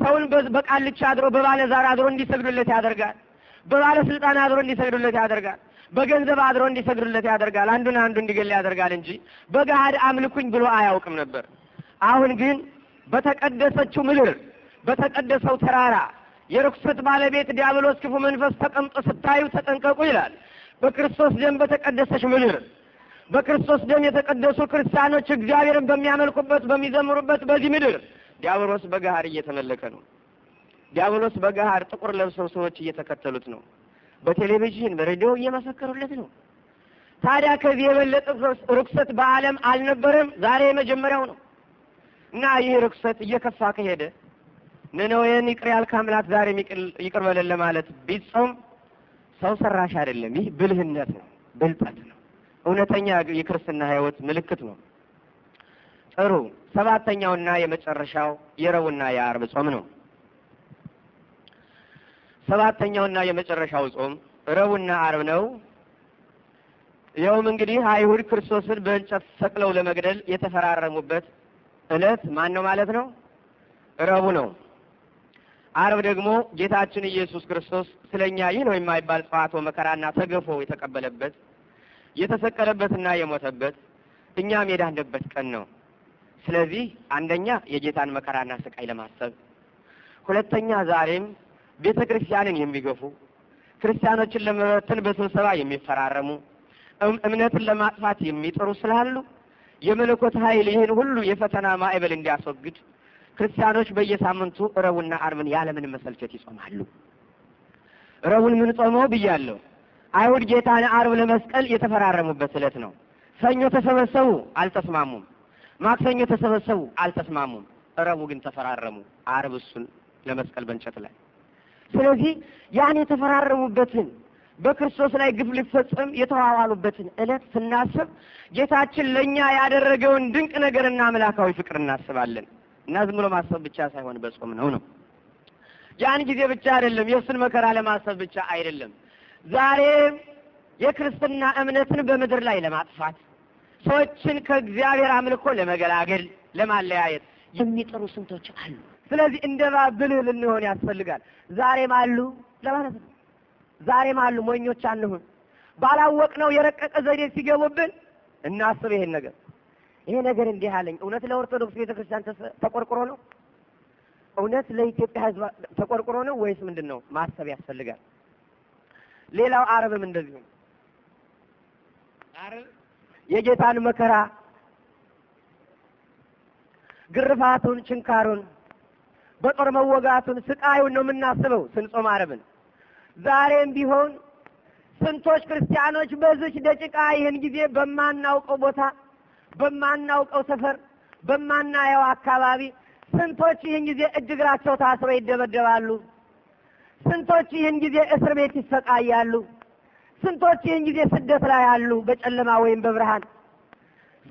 ሰውን በቃልቻ አድሮ በባለ ዛር አድሮ እንዲሰግዱለት ያደርጋል። በባለ ስልጣን አድሮ እንዲሰግዱለት ያደርጋል። በገንዘብ አድሮ እንዲሰግዱለት ያደርጋል። አንዱን አንዱ እንዲገል ያደርጋል እንጂ በገሃድ አምልኩኝ ብሎ አያውቅም ነበር። አሁን ግን በተቀደሰችው ምድር በተቀደሰው ተራራ የርኩሰት ባለቤት ዲያብሎስ ክፉ መንፈስ ተቀምጦ ስታዩ ተጠንቀቁ ይላል። በክርስቶስ ደም በተቀደሰች ምድር በክርስቶስ ደም የተቀደሱ ክርስቲያኖች እግዚአብሔርን በሚያመልኩበት በሚዘምሩበት በዚህ ምድር ዲያብሎስ በገሃር እየተመለከ ነው። ዲያብሎስ በገሃር ጥቁር ለብሰው ሰዎች እየተከተሉት ነው። በቴሌቪዥን በሬዲዮ እየመሰከሩለት ነው። ታዲያ ከዚህ የበለጠ ርኩሰት በዓለም አልነበረም። ዛሬ የመጀመሪያው ነው እና ይህ ርኩሰት እየከፋ ከሄደ ነነዌን ይቅር ያልክ አምላክ ዛሬ ይቅር በለን ለማለት ቢጾም ሰው ሰራሽ አይደለም። ይህ ብልህነት ነው፣ ብልጠት ነው። እውነተኛ የክርስትና ህይወት ምልክት ነው። ጥሩ ሰባተኛውና የመጨረሻው የረቡዕና የዓርብ ጾም ነው። ሰባተኛውና የመጨረሻው ጾም ረቡዕና ዓርብ ነው። ይኸውም እንግዲህ አይሁድ ክርስቶስን በእንጨት ሰቅለው ለመግደል የተፈራረሙበት ዕለት ማን ነው ማለት ነው? ረቡዕ ነው። አርብ ደግሞ ጌታችን ኢየሱስ ክርስቶስ ስለኛ ይህ ነው የማይባል ጸዋቶ መከራና ተገፎ የተቀበለበት የተሰቀለበትና የሞተበት እኛም የዳንበት ቀን ነው። ስለዚህ አንደኛ የጌታን መከራና ስቃይ ለማሰብ፣ ሁለተኛ ዛሬም ቤተ ክርስቲያንን የሚገፉ ክርስቲያኖችን ለመበተን በስብሰባ የሚፈራረሙ እምነትን ለማጥፋት የሚጥሩ ስላሉ የመለኮት ኃይል ይህን ሁሉ የፈተና ማዕበል እንዲያስወግድ ክርስቲያኖች በየሳምንቱ ረቡዕና አርብን ያለምንም መሰልቸት ይጾማሉ። እረቡን ምን ጾመው ብያለሁ። አይሁድ ጌታን አርብ ለመስቀል የተፈራረሙበት ዕለት ነው። ሰኞ ተሰበሰቡ፣ አልተስማሙም። ማክሰኞ ተሰበሰቡ፣ አልተስማሙም። እረቡ ግን ተፈራረሙ፣ አርብ እሱን ለመስቀል በእንጨት ላይ። ስለዚህ ያን የተፈራረሙበትን በክርስቶስ ላይ ግፍ ሊፈጸም የተዋዋሉበትን ዕለት ስናስብ ጌታችን ለእኛ ያደረገውን ድንቅ ነገርና አምላካዊ ፍቅር እናስባለን። እና ዝም ብሎ ማሰብ ብቻ ሳይሆን በጾም ነው ነው። ያን ጊዜ ብቻ አይደለም፣ የእሱን መከራ ለማሰብ ብቻ አይደለም። ዛሬ የክርስትና እምነትን በምድር ላይ ለማጥፋት ሰዎችን ከእግዚአብሔር አምልኮ ለመገላገል ለማለያየት የሚጥሩ ስንቶች አሉ። ስለዚህ እንደ ብልህ ልንሆን ያስፈልጋል። ዛሬም አሉ ለማለት ነው። ዛሬም አሉ ሞኞች አንሁን። ነው የረቀቀ ዘዴ ሲገቡብን እናስብ ይሄን ነገር ይሄ ነገር እንዲህ አለኝ። እውነት ለኦርቶዶክስ ቤተክርስቲያን ተቆርቁሮ ነው? እውነት ለኢትዮጵያ ሕዝብ ተቆርቁሮ ነው ወይስ ምንድን ነው? ማሰብ ያስፈልጋል። ሌላው አረብም እንደዚሁ አረብ የጌታን መከራ ግርፋቱን፣ ችንካሩን፣ በጦር መወጋቱን፣ ስቃዩን ነው የምናስበው ስንጾም አረብን። ዛሬም ቢሆን ስንቶች ክርስቲያኖች በዚች ደቂቃ ይህን ጊዜ በማናውቀው ቦታ በማናውቀው ሰፈር፣ በማናየው አካባቢ ስንቶች ይህን ጊዜ እጅ እግራቸው ታስረው ይደበደባሉ። ስንቶች ይህን ጊዜ እስር ቤት ይሰቃያሉ። ስንቶች ይህን ጊዜ ስደት ላይ ያሉ በጨለማ ወይም በብርሃን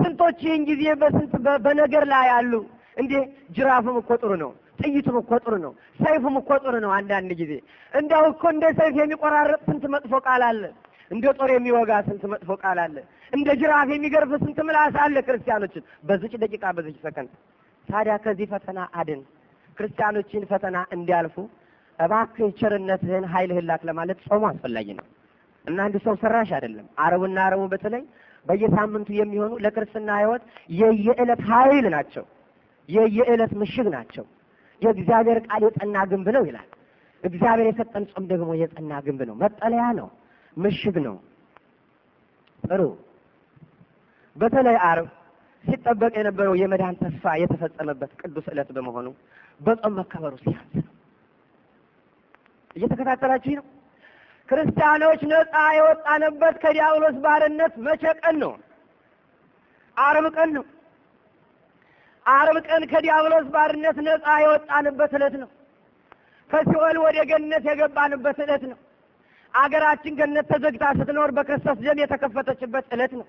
ስንቶች ይህን ጊዜ በስንት በነገር ላይ ያሉ እንዴ ጅራፍም እኮ ጥሩ ነው። ጥይቱም እኮ ጥሩ ነው። ሰይፉም እኮ ጥሩ ነው። አንዳንድ ጊዜ እንዳው እኮ እንደ ሰይፍ የሚቆራረጥ ስንት መጥፎ ቃል አለ። እንደ ጦር የሚወጋ ስንት መጥፎ ቃል አለ። እንደ ጅራፍ የሚገርፍ ስንት ምላስ አለ። ክርስቲያኖችን በዚች ደቂቃ በዚች ሰከንድ ታዲያ ከዚህ ፈተና አድን። ክርስቲያኖችን ፈተና እንዲያልፉ እባክህ ቸርነትህን ኃይልህን ላክ ለማለት ጾሙ አስፈላጊ ነው እና አንድ ሰው ሰራሽ አይደለም። አረቡና አረቡ በተለይ በየሳምንቱ የሚሆኑ ለክርስትና ህይወት የየዕለት ኃይል ናቸው፣ የየዕለት ምሽግ ናቸው። የእግዚአብሔር ቃል የጠና ግንብ ነው ይላል። እግዚአብሔር የሰጠን ጾም ደግሞ የጠና ግንብ ነው፣ መጠለያ ነው። ምሽግ ነው። ጥሩ። በተለይ አርብ ሲጠበቅ የነበረው የመዳን ተስፋ የተፈጸመበት ቅዱስ ዕለት በመሆኑ በጾም መከበሩ ሲያንስ ነው። እየተከታተላችሁ ነው። ክርስቲያኖች ነፃ የወጣንበት ከዲያብሎስ ባርነት መቼ ቀን ነው? አርብ ቀን ነው። አርብ ቀን ከዲያብሎስ ባርነት ነፃ የወጣንበት ዕለት ነው። ከሲኦል ወደ ገነት የገባንበት ዕለት ነው። አገራችን ገነት ተዘግታ ስትኖር በክርስቶስ ደም የተከፈተችበት ዕለት ነው።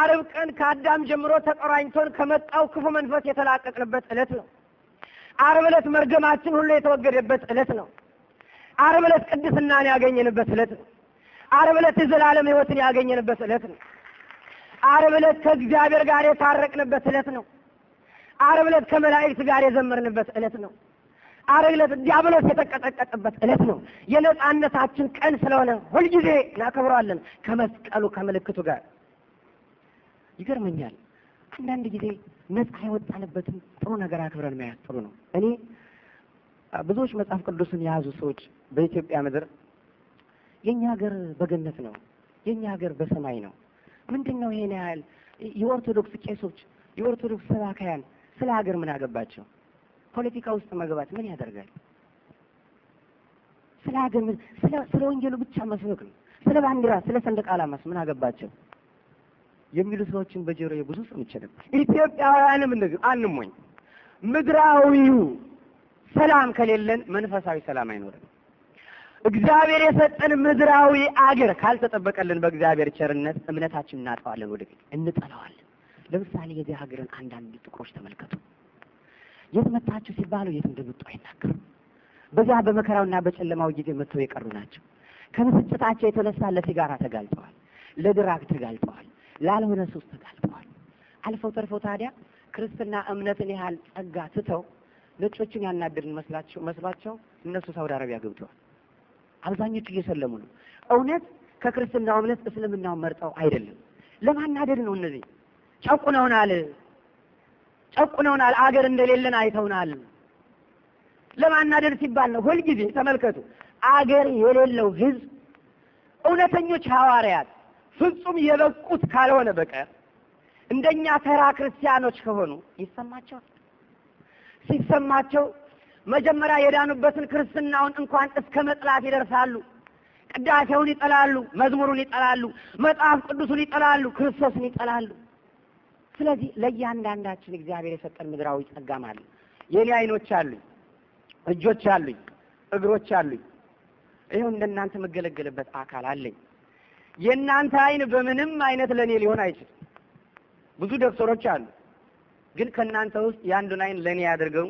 አርብ ቀን ከአዳም ጀምሮ ተቆራኝቶን ከመጣው ክፉ መንፈስ የተላቀቅንበት ዕለት ነው። አርብ ዕለት መርገማችን ሁሉ የተወገደበት ዕለት ነው። አርብ ዕለት ቅድስናን ያገኘንበት ዕለት ነው። አርብ ዕለት የዘላለም ሕይወትን ያገኘንበት ዕለት ነው። አርብ ዕለት ከእግዚአብሔር ጋር የታረቅንበት ዕለት ነው። አርብ ዕለት ከመላእክት ጋር የዘመርንበት ዕለት ነው። አረግለት ዕለት ዲያብሎስ የተቀጠቀጠበት ዕለት ነው። የነጻነታችን ቀን ስለሆነ ሁልጊዜ እናከብረዋለን ከመስቀሉ ከምልክቱ ጋር። ይገርመኛል አንዳንድ ጊዜ ነጻ የወጣንበትን ጥሩ ነገር አክብረን ማየት ጥሩ ነው። እኔ ብዙዎች መጽሐፍ ቅዱስን የያዙ ሰዎች በኢትዮጵያ ምድር የኛ ሀገር በገነት ነው፣ የኛ ሀገር በሰማይ ነው። ምንድን ነው ይሄን ያህል የኦርቶዶክስ ቄሶች፣ የኦርቶዶክስ ሰባካያን ስለ ሀገር ምን አገባቸው? ፖለቲካ ውስጥ መግባት ምን ያደርጋል? ስለ ሀገር ስለ ስለ ወንጀሉ ብቻ መስበክ ነው። ስለ ባንዲራ፣ ስለ ሰንደቅ ዓላማስ ምን አገባቸው የሚሉ ሰዎችን በጆሮዬ ብዙ ሰምቼ ነበር። ኢትዮጵያውያንም አንሞኝ፣ ምድራዊው ሰላም ከሌለን መንፈሳዊ ሰላም አይኖርም። እግዚአብሔር የሰጠን ምድራዊ አገር ካልተጠበቀልን በእግዚአብሔር ቸርነት እምነታችን እናጠዋለን፣ ወደፊት እንጠላዋለን። ለምሳሌ የዚህ ሀገርን አንዳንድ ጥቁሮች ተመልከቱ። የት መጣችሁ ሲባሉ የት እንደመጡ አይናገሩም። በዚያ በመከራውና በጨለማው ጊዜ መጥተው የቀሩ ናቸው። ከብስጭታቸው የተነሳ ለሲጋራ ተጋልጠዋል፣ ለድራግ ተጋልጠዋል፣ ላልሆነ ሱስ ተጋልጠዋል። አልፈው ተርፈው ታዲያ ክርስትና እምነትን ያህል ጸጋ ትተው ነጮችን ያናድርን መስላቸው መስሏቸው እነሱ ሳውዲ አረቢያ ገብተዋል። አብዛኞቹ እየሰለሙ ነው። እውነት ከክርስትናው እምነት እስልምናውን መርጠው አይደለም። ለማናደድ ነው እነዚህ ጨቁነውናል ጨቁነውናል። አገር እንደሌለን አይተውናል። ለማናደድ ሲባል ነው። ሁልጊዜ ተመልከቱ፣ አገር የሌለው ህዝብ እውነተኞች ሐዋርያት ፍጹም የበቁት ካልሆነ በቀር እንደኛ ተራ ክርስቲያኖች ከሆኑ ይሰማቸዋል። ሲሰማቸው መጀመሪያ የዳኑበትን ክርስትናውን እንኳን እስከ መጥላት ይደርሳሉ። ቅዳሴውን ይጠላሉ፣ መዝሙሩን ይጠላሉ፣ መጽሐፍ ቅዱሱን ይጠላሉ፣ ክርስቶስን ይጠላሉ። ስለዚህ ለእያንዳንዳችን እግዚአብሔር የሰጠን ምድራዊ ጸጋም አለ። የኔ አይኖች አሉኝ፣ እጆች አሉኝ፣ እግሮች አሉኝ፣ ይሄው እንደናንተ የምገለገልበት አካል አለኝ። የእናንተ አይን በምንም አይነት ለኔ ሊሆን አይችልም። ብዙ ደብተሮች አሉ፣ ግን ከእናንተ ውስጥ የአንዱን አይን ለኔ ያድርገው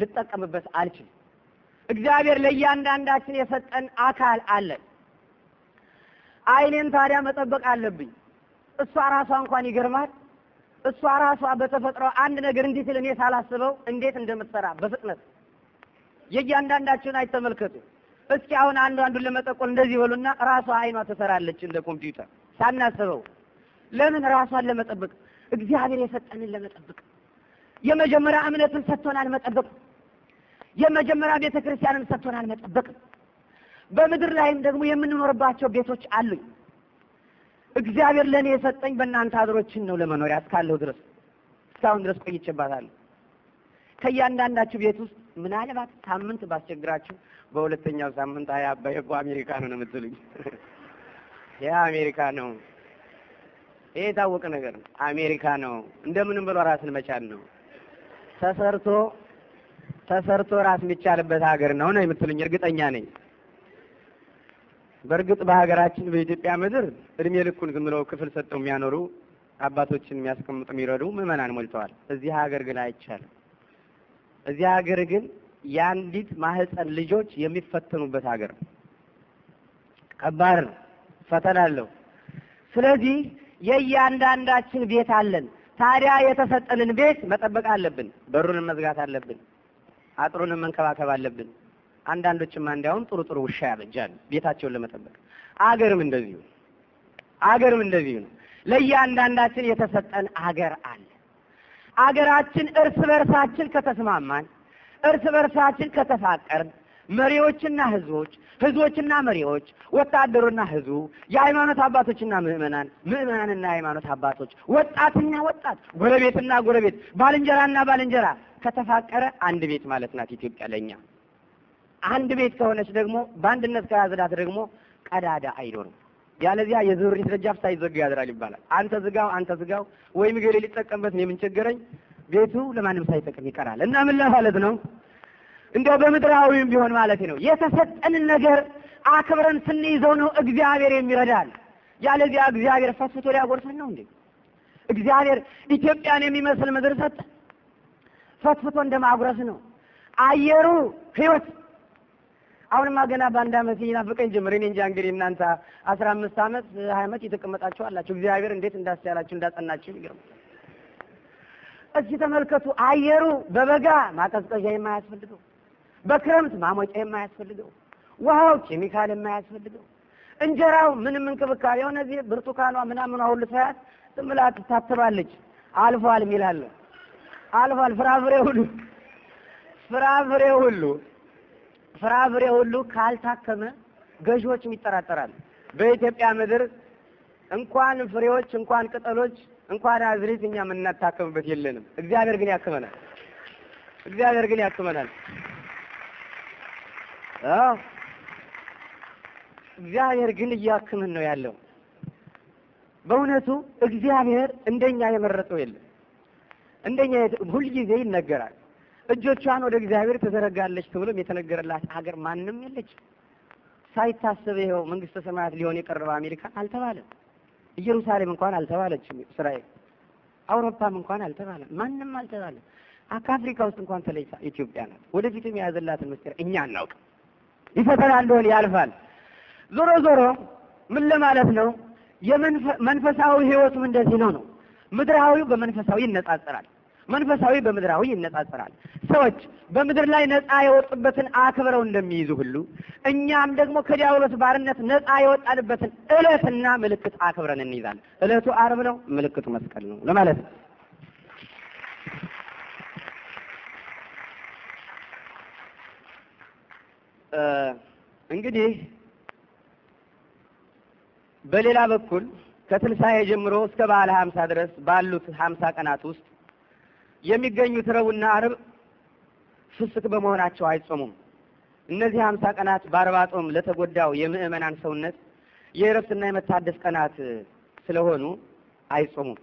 ልጠቀምበት አልችልም። እግዚአብሔር ለእያንዳንዳችን የሰጠን አካል አለ። አይኔን ታዲያ መጠበቅ አለብኝ። እሷ ራሷ እንኳን ይገርማል እሷ ራሷ በተፈጥሮ አንድ ነገር እንዲትል እኔ ሳላስበው እንዴት እንደምትሰራ በፍጥነት የእያንዳንዳችሁን አይተመልከቱ እስኪ አሁን አንዱ አንዱን ለመጠቆል እንደዚህ በሉና ራሷ አይኗ ትሰራለች እንደ ኮምፒውተር ሳናስበው ለምን ራሷን ለመጠበቅ እግዚአብሔር የሰጠንን ለመጠበቅ የመጀመሪያ እምነትን ሰጥቶናል መጠበቅ የመጀመሪያ ቤተ ክርስቲያንን ሰጥቶናል መጠበቅ በምድር ላይም ደግሞ የምንኖርባቸው ቤቶች አሉኝ እግዚአብሔር ለእኔ የሰጠኝ በእናንተ አድሮችን ነው ለመኖሪያ እስካለሁ ድረስ እስካሁን ድረስ ቆይቼባታለሁ። ከእያንዳንዳችሁ ቤት ውስጥ ምናልባት ሳምንት ባስቸግራችሁ በሁለተኛው ሳምንት አይ አባዬ እኮ አሜሪካ ነው ነው የምትሉኝ። ያ አሜሪካ ነው፣ ይሄ የታወቀ ነገር ነው። አሜሪካ ነው። እንደምንም ብሎ ራስን መቻል ነው። ተሰርቶ ተሰርቶ ራስ የሚቻልበት ሀገር ነው ነው የምትሉኝ እርግጠኛ ነኝ። በእርግጥ በሀገራችን በኢትዮጵያ ምድር እድሜ ልኩን ዝም ብለው ክፍል ሰጠው የሚያኖሩ አባቶችን የሚያስቀምጡ የሚረዱ ምዕመናን ሞልተዋል። እዚህ ሀገር ግን አይቻልም። እዚህ ሀገር ግን የአንዲት ማህፀን ልጆች የሚፈተኑበት ሀገር ነው። ከባድ ነው፣ ፈተና አለው። ስለዚህ የእያንዳንዳችን ቤት አለን። ታዲያ የተሰጠንን ቤት መጠበቅ አለብን። በሩንም መዝጋት አለብን። አጥሩንም መንከባከብ አለብን። አንዳንዶችማ እንዲያውም ጥሩ ጥሩ ውሻ ያበጃሉ ቤታቸውን ለመጠበቅ። አገርም እንደዚሁ አገርም እንደዚሁ ነው። ለእያንዳንዳችን የተሰጠን አገር አለ። አገራችን እርስ በርሳችን ከተስማማን፣ እርስ በርሳችን ከተፋቀርን፣ መሪዎችና ህዝቦች፣ ህዝቦችና መሪዎች፣ ወታደሩና ህዝቡ፣ የሃይማኖት አባቶችና ምዕመናን፣ ምዕመናንና የሃይማኖት አባቶች፣ ወጣትና ወጣት፣ ጎረቤትና ጎረቤት፣ ባልንጀራና ባልንጀራ ከተፋቀረ አንድ ቤት ማለት ናት ኢትዮጵያ ለኛ። አንድ ቤት ከሆነች ደግሞ በአንድነት ከያዝናት ደግሞ ቀዳዳ አይኖርም። ያለዚያ የዝርሪት ደጃፍ ሳይዘጋ ያድራል ይባላል። አንተ ዝጋው፣ አንተ ዝጋው ወይም ገሌ ሊጠቀምበት ነው የምንቸገረኝ ቤቱ ለማንም ሳይጠቅም ይቀራል። እና ምን ለማለት ነው? እንዲያው በምድራዊም ቢሆን ማለት ነው የተሰጠንን ነገር አክብረን ስንይዘው ነው እግዚአብሔር የሚረዳል። ያለዚያ እግዚአብሔር ፈትፍቶ ሊያጎርሰን ነው እንዴ? እግዚአብሔር ኢትዮጵያን የሚመስል ምድር ሰጠ። ፈትፍቶ እንደማጉረስ ነው። አየሩ ህይወት አሁንማ ገና በአንድ አመት ይናፍቀኝ ጀምር። እኔ እንጃ እንግዲህ እናንተ አስራ አምስት አመት ሀያ አመት እየተቀመጣችሁ አላችሁ። እግዚአብሔር እንዴት እንዳስቻላችሁ እንዳጸናችሁ ይገርም። እስኪ ተመልከቱ፣ አየሩ በበጋ ማቀዝቀዣ የማያስፈልገው በክረምት ማሞቂያ የማያስፈልገው ውሃው ኬሚካል የማያስፈልገው እንጀራው ምንም እንክብካቤ የሆነ እዚህ ብርቱካኗ ምናምን ሁሉ ሳያት ዝም ብላ ትታትባለች። አልፏል የሚላለ አልፏል ፍራፍሬ ሁሉ ፍራፍሬ ሁሉ ፍራፍሬ ሁሉ ካልታከመ ገዢዎችም ይጠራጠራሉ። በኢትዮጵያ ምድር እንኳን ፍሬዎች እንኳን ቅጠሎች እንኳን አዝሪት እኛ የምናታከምበት የለንም። እግዚአብሔር ግን ያክመናል። እግዚአብሔር ግን ያክመናል። እግዚአብሔር ግን እያክምን ነው ያለው። በእውነቱ እግዚአብሔር እንደኛ የመረጠው የለም። እንደኛ ሁልጊዜ ይነገራል። እጆቿን ወደ እግዚአብሔር ተዘረጋለች ተብሎም የተነገረላት ሀገር ማንም የለች። ሳይታሰብ ይኸው መንግስተ ሰማያት ሊሆን የቀረበ አሜሪካ አልተባለም። ኢየሩሳሌም እንኳን አልተባለችም። እስራኤል፣ አውሮፓም እንኳን አልተባለም። ማንም አልተባለም። ከአፍሪካ ውስጥ እንኳን ተለይታ ኢትዮጵያ ናት። ወደፊትም የያዘላትን ምስጢር እኛ አናውቅ። ይፈተና እንደሆን ያልፋል። ዞሮ ዞሮ ምን ለማለት ነው? የመንፈሳዊ ህይወቱም እንደዚህ ነው ነው ምድራዊው በመንፈሳዊ ይነጻጸራል። መንፈሳዊ በምድራዊ ይነጻጸራል። ሰዎች በምድር ላይ ነፃ የወጡበትን አክብረው እንደሚይዙ ሁሉ እኛም ደግሞ ከዲያብሎስ ባርነት ነፃ የወጣንበትን እለትና ምልክት አክብረን እንይዛለን። እለቱ አርብ ነው፣ ምልክቱ መስቀል ነው ለማለት ነው። እንግዲህ በሌላ በኩል ከትንሣኤ ጀምሮ እስከ በዓለ ሀምሳ ድረስ ባሉት ሀምሳ ቀናት ውስጥ የሚገኙት ረቡዕና ዓርብ ፍስክ በመሆናቸው አይጾሙም። እነዚህ ሀምሳ ቀናት በአርባ ጾም ለተጎዳው የምዕመናን ሰውነት የእረፍትና የመታደስ ቀናት ስለሆኑ አይጾሙም።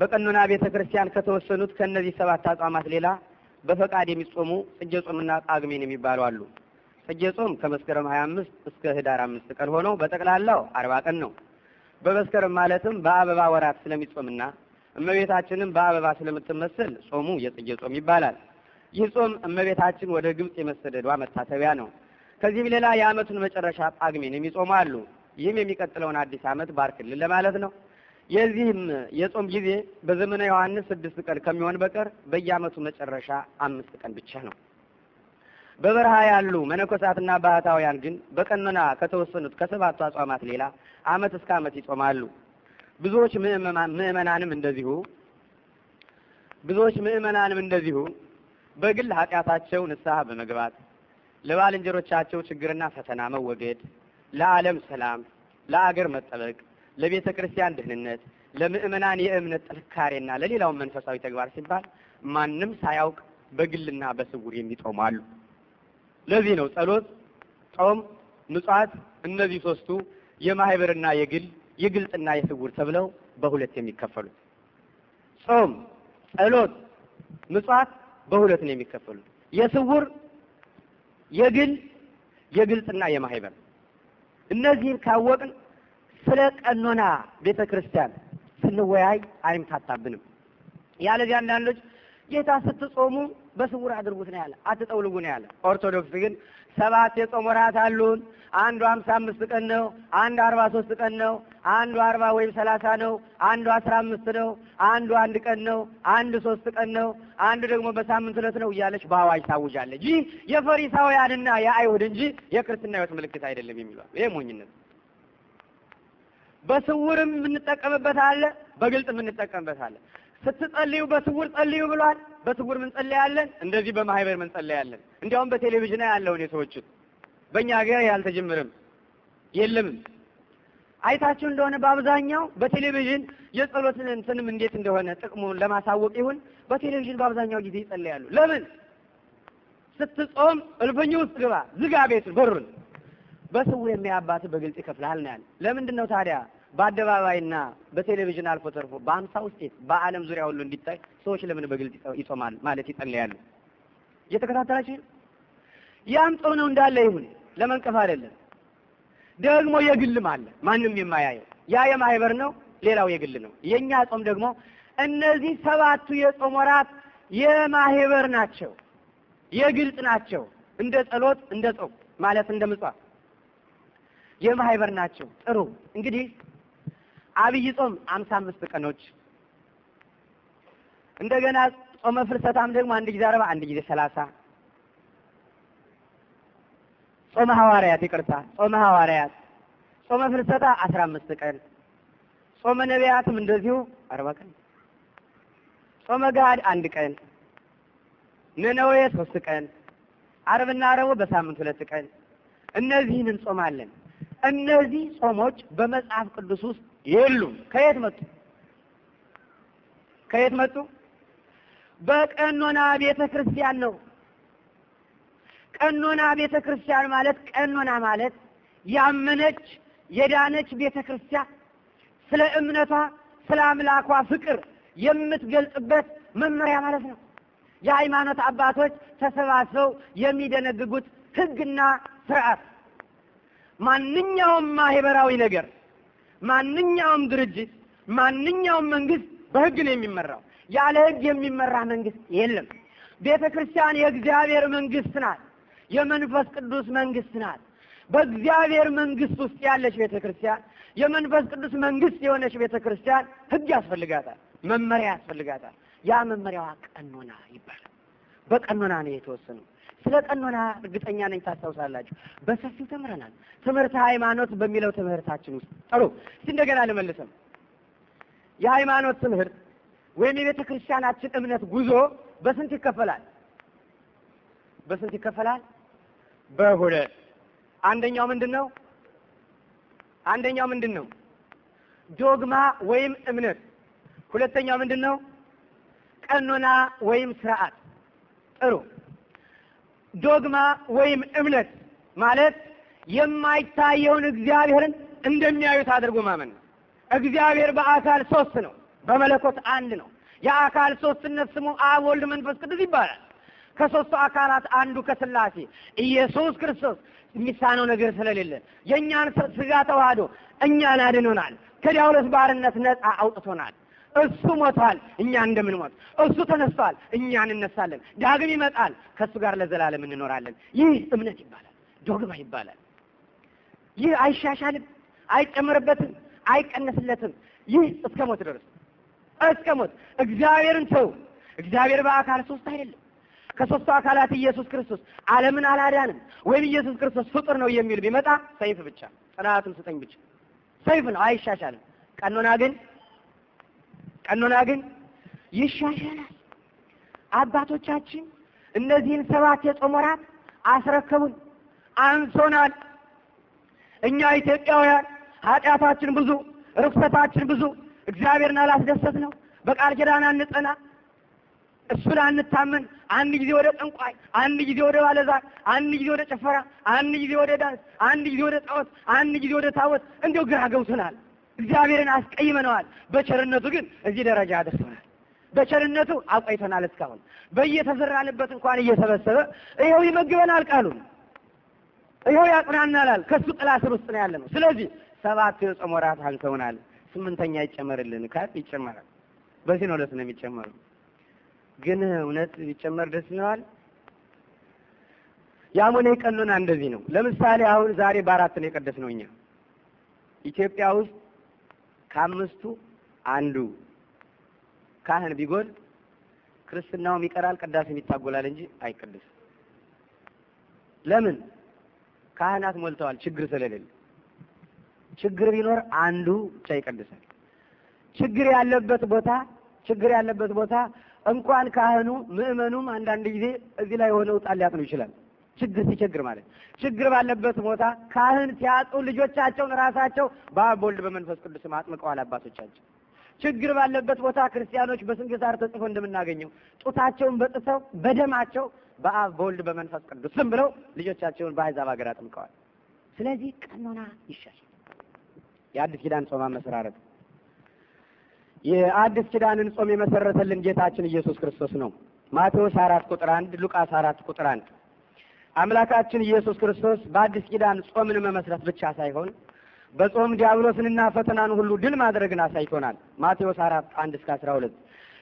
በቀኖና ቤተ ክርስቲያን ከተወሰኑት ከእነዚህ ሰባት አጽዋማት ሌላ በፈቃድ የሚጾሙ ጽጌ ጾምና ጳጉሜን የሚባሉ አሉ። ጽጌ ጾም ከመስከረም 25 እስከ ህዳር አምስት ቀን ሆኖ በጠቅላላው አርባ ቀን ነው። በመስከረም ማለትም በአበባ ወራት ስለሚጾምና እመቤታችንም በአበባ ስለምትመስል ጾሙ የጽጌ ጾም ይባላል። ይህ ጾም እመቤታችን ወደ ግብጽ የመሰደዷ መታሰቢያ ነው። ከዚህም ሌላ የዓመቱን መጨረሻ ጳግሜን የሚጾሙ አሉ። ይህም የሚቀጥለውን አዲስ ዓመት ባርክልን ለማለት ነው። የዚህም የጾም ጊዜ በዘመነ ዮሐንስ ስድስት ቀን ከሚሆን በቀር በየዓመቱ መጨረሻ አምስት ቀን ብቻ ነው። በበረሃ ያሉ መነኮሳትና ባህታውያን ግን በቀኖና ከተወሰኑት ከሰባቱ አጽዋማት ሌላ ዓመት እስከ ዓመት ይጾማሉ። ብዙዎች ምእመናንም እንደዚሁ ብዙዎች ምእመናንም እንደዚሁ በግል ኃጢአታቸው ንስሐ በመግባት ለባልንጀሮቻቸው ችግርና ፈተና መወገድ፣ ለዓለም ሰላም፣ ለአገር መጠበቅ፣ ለቤተ ክርስቲያን ደህንነት፣ ለምእመናን የእምነት ጥንካሬና ለሌላውን መንፈሳዊ ተግባር ሲባል ማንም ሳያውቅ በግልና በስውር የሚጦሙ አሉ። ለዚህ ነው ጸሎት፣ ጾም፣ ምጽዋት እነዚህ ሶስቱ የማህበርና የግል የግልጽና የስውር ተብለው በሁለት የሚከፈሉት ጾም፣ ጸሎት፣ ምጽዋት በሁለት ነው የሚከፈሉት። የስውር የግል የግልጽና የማህበር እነዚህን ካወቅን ስለ ቀኖና ቤተ ስንወያይ አይምታታብንም። ያለዚህ አንዳንዶች ጌታ ስትጾሙ በስውር አድርጉት ነው ያለ፣ አትጠውልጉ ነው ያለ። ኦርቶዶክስ ግን ሰባት የጾም ወራት አሉን። አንዱ ሀምሳ አምስት ቀን ነው፣ አንዱ አርባ ሶስት ቀን ነው፣ አንዱ አርባ ወይም ሰላሳ ነው፣ አንዱ አስራ አምስት ነው፣ አንዱ አንድ ቀን ነው፣ አንዱ ሶስት ቀን ነው፣ አንዱ ደግሞ በሳምንት ዕለት ነው እያለች በአዋጅ ታውጃለች። ይህ የፈሪሳውያንና የአይሁድ እንጂ የክርስትና ሕይወት ምልክት አይደለም የሚሏል። ይህ ሞኝነት። በስውርም የምንጠቀምበት አለ፣ በግልጥ የምንጠቀምበት አለ። ስትጸልዩ በስውር ጸልዩ ብሏል። በስውር ምን ጸልያለን? እንደዚህ በማህበር ምን ጸልያለን? እንዲያውም በቴሌቪዥን ያለውን የሰዎችን በእኛ ሀገር ያልተጀመረም የለም። አይታችሁ እንደሆነ በአብዛኛው በቴሌቪዥን የጸሎትን እንትንም እንዴት እንደሆነ ጥቅሙን ለማሳወቅ ይሁን በቴሌቪዥን በአብዛኛው ጊዜ ይጸልያሉ። ለምን? ስትጾም እልፍኝ ውስጥ ግባ፣ ዝጋ ቤት በሩን። በስውር የሚያባት በግልጽ ይከፍልሃል ነው ያለ። ለምንድን ነው ታዲያ በአደባባይና በቴሌቪዥን አልፎ ተርፎ በአምሳ ስቴት በዓለም ዙሪያ ሁሉ እንዲታይ ሰዎች ለምን በግልጽ ይጾማል ማለት ይጸልያሉ? እየተከታተላችሁ ያም ጥሩ ነው እንዳለ ይሁን፣ ለመንቀፍ አይደለም። ደግሞ የግልም አለ ማንም የማያየው ያ የማህበር ነው፣ ሌላው የግል ነው። የኛ ጾም ደግሞ እነዚህ ሰባቱ የጾም ወራት የማህበር ናቸው፣ የግልጽ ናቸው። እንደ ጸሎት እንደ ጾም ማለት እንደ ምጽዋት የማህበር ናቸው። ጥሩ እንግዲህ አብይ ጾም 55 ቀኖች እንደገና ጾመ ፍልሰታም ደግሞ አንድ ጊዜ አርባ አንድ ጊዜ ሰላሳ ጾመ ሐዋርያት ይቅርታ ጾመ ሐዋርያት ጾመ ፍልሰታ 15 ቀን ጾመ ነቢያትም እንደዚሁ አርባ ቀን ጾመ ጋድ አንድ ቀን ነነዌ ሶስት ቀን አርብና አረቡ በሳምንት ሁለት ቀን እነዚህን እንጾማለን። እነዚህ ጾሞች በመጽሐፍ ቅዱስ ውስጥ የሉም። ከየት መጡ? ከየት መጡ? በቀኖና ቤተ ክርስቲያን ነው። ቀኖና ቤተ ክርስቲያን ማለት ቀኖና ማለት ያመነች የዳነች ቤተ ክርስቲያን ስለ እምነቷ ስለ አምላኳ ፍቅር የምትገልጽበት መመሪያ ማለት ነው። የሃይማኖት አባቶች ተሰባስበው የሚደነግጉት ሕግና ስርዓት ማንኛውም ማህበራዊ ነገር ማንኛውም ድርጅት ማንኛውም መንግስት በህግ ነው የሚመራው። ያለ ህግ የሚመራ መንግስት የለም። ቤተ ክርስቲያን የእግዚአብሔር መንግስት ናት። የመንፈስ ቅዱስ መንግስት ናት። በእግዚአብሔር መንግስት ውስጥ ያለች ቤተ ክርስቲያን የመንፈስ ቅዱስ መንግስት የሆነች ቤተ ክርስቲያን ህግ ያስፈልጋታል፣ መመሪያ ያስፈልጋታል። ያ መመሪያዋ ቀኖና ይባላል። በቀኖና ነው የተወሰነው። ስለ ቀኖና እርግጠኛ ነኝ ታስታውሳላችሁ። በሰፊው ተምረናል። ትምህርት ሃይማኖት በሚለው ትምህርታችን ውስጥ ጥሩ። እስቲ እንደገና ልመልሰም። የሃይማኖት ትምህርት ወይም የቤተ ክርስቲያናችን እምነት ጉዞ በስንት ይከፈላል? በስንት ይከፈላል? በሁለት። አንደኛው ምንድን ነው? አንደኛው ምንድን ነው? ዶግማ ወይም እምነት። ሁለተኛው ምንድን ነው? ቀኖና ወይም ስርዓት። ጥሩ ዶግማ ወይም እምነት ማለት የማይታየውን እግዚአብሔርን እንደሚያዩት አድርጎ ማመን ነው። እግዚአብሔር በአካል ሶስት ነው፣ በመለኮት አንድ ነው። የአካል ሶስትነት ስሙ አብ፣ ወልድ፣ መንፈስ ቅዱስ ይባላል። ከሶስቱ አካላት አንዱ ከስላሴ ኢየሱስ ክርስቶስ የሚሳነው ነገር ስለሌለ የእኛን ስጋ ተዋህዶ እኛን አድኖናል፣ ከዲያብሎስ ባርነት ነፃ አውጥቶናል። እሱ ሞቷል፣ እኛ እንደምንሞት፣ እሱ ተነስቷል፣ እኛ እንነሳለን፣ ዳግም ይመጣል፣ ከእሱ ጋር ለዘላለም እንኖራለን። ይህ እምነት ይባላል፣ ዶግማ ይባላል። ይህ አይሻሻልም፣ አይጨምርበትም፣ አይቀነስለትም። ይህ እስከ ሞት ድረስ እስከ ሞት እግዚአብሔርን ሰው እግዚአብሔር በአካል ሶስት አይደለም። ከሶስቱ አካላት ኢየሱስ ክርስቶስ ዓለምን አላዳንም ወይም ኢየሱስ ክርስቶስ ፍጡር ነው የሚል ቢመጣ ሰይፍ ብቻ፣ ጥናቱን ስጠኝ ብቻ ሰይፍ ነው፣ አይሻሻልም። ቀኖና ግን ቀኖና ግን ይሻሻላል። አባቶቻችን እነዚህን ሰባት የጾም ወራት አስረከቡን፣ አንሶናል። እኛ ኢትዮጵያውያን ኃጢአታችን ብዙ፣ ርኩሰታችን ብዙ፣ እግዚአብሔርን አላስደሰት ነው። በቃል ኪዳን አንጸና፣ እሱን አንታመን። አንድ ጊዜ ወደ ጥንቋይ፣ አንድ ጊዜ ወደ ባለዛር፣ አንድ ጊዜ ወደ ጭፈራ፣ አንድ ጊዜ ወደ ዳንስ፣ አንድ ጊዜ ወደ ጣዖት፣ አንድ ጊዜ ወደ ታቦት። እንዲሁ ግራ ገብቶናል። እግዚአብሔርን አስቀይመነዋል። በቸርነቱ ግን እዚህ ደረጃ አድርሶናል። በቸርነቱ አቆይቶናል። እስካሁን በየተዘራንበት እንኳን እየሰበሰበ ይኸው ይመግበናል። ቃሉ ይኸው ያጽናናላል። ከሱ ጥላ ስር ውስጥ ነው ያለ ነው። ስለዚህ ሰባት የጾም ወራት ስምንተኛ ይጨመርልን ካል ይጨመራል። በዚህ ነው ዕለት ነው የሚጨመሩ። ግን እውነት ቢጨመር ደስ ይለዋል። ያሙን ቀኖና እንደዚህ ነው። ለምሳሌ አሁን ዛሬ በአራት ነው የቀደስ ነው እኛ ኢትዮጵያ ውስጥ ከአምስቱ አንዱ ካህን ቢጎል ክርስትናውም ይቀራል፣ ቅዳሴም ይታጎላል እንጂ አይቀድስም። ለምን? ካህናት ሞልተዋል፣ ችግር ስለሌለ። ችግር ቢኖር አንዱ ብቻ ይቀድሳል። ችግር ያለበት ቦታ ችግር ያለበት ቦታ እንኳን ካህኑ ምዕመኑም አንዳንድ ጊዜ እዚህ ላይ ሆነው ጣል ሊያጥኑ ይችላል። ችግር ሲቸግር ማለት ችግር ባለበት ቦታ ካህን ሲያጡ ልጆቻቸውን ራሳቸው በአብ በወልድ በመንፈስ ቅዱስ አጥምቀዋል አባቶቻቸው። ችግር ባለበት ቦታ ክርስቲያኖች በስንክሳር ተጽፎ እንደምናገኘው ጡታቸውን በጥሰው በደማቸው በአብ በወልድ በመንፈስ ቅዱስም ብለው ልጆቻቸውን በአሕዛብ ሀገር አጥምቀዋል። ስለዚህ ቀኖና ይሻል። የአዲስ ኪዳን ጾም አመሰራረት የአዲስ ኪዳንን ጾም የመሰረተልን ጌታችን ኢየሱስ ክርስቶስ ነው። ማቴዎስ አራት ቁጥር አንድ ሉቃስ አራት ቁጥር አንድ አምላካችን ኢየሱስ ክርስቶስ በአዲስ ኪዳን ጾምን መመስረት ብቻ ሳይሆን በጾም ዲያብሎስንና ፈተናን ሁሉ ድል ማድረግን አሳይቶናል። ማቴዎስ አራት አንድ እስከ አስራ ሁለት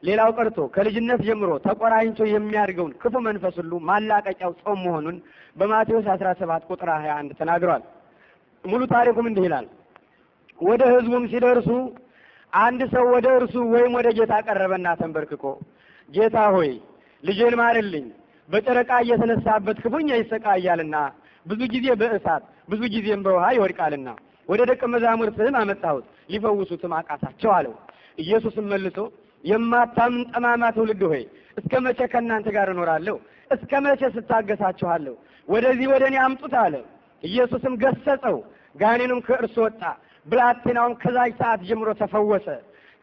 ሌላው ቀርቶ ከልጅነት ጀምሮ ተቆራኝቶ የሚያድገውን ክፉ መንፈስ ሁሉ ማላቀቂያው ጾም መሆኑን በማቴዎስ አስራ ሰባት ቁጥር ሀያ አንድ ተናግሯል። ሙሉ ታሪኩም እንዲህ ይላል። ወደ ህዝቡም ሲደርሱ አንድ ሰው ወደ እርሱ ወይም ወደ ጌታ ቀረበና ተንበርክኮ ጌታ ሆይ ልጄን ማርልኝ በጨረቃ እየተነሳበት ክፉኛ ይሰቃያልና ብዙ ጊዜ በእሳት ብዙ ጊዜም በውሃ ይወድቃልና ወደ ደቀ መዛሙርትህም አመጣሁት ሊፈውሱትም አቃታቸው አለው። ኢየሱስም መልሶ የማታምን ጠማማ ትውልድ ሆይ እስከ መቼ ከእናንተ ጋር እኖራለሁ? እስከ መቼ ስታገሳችኋለሁ? ወደዚህ ወደ እኔ አምጡት አለ። ኢየሱስም ገሰጸው፣ ጋኔኑም ከእርሱ ወጣ። ብላቴናውም ከዛች ሰዓት ጀምሮ ተፈወሰ።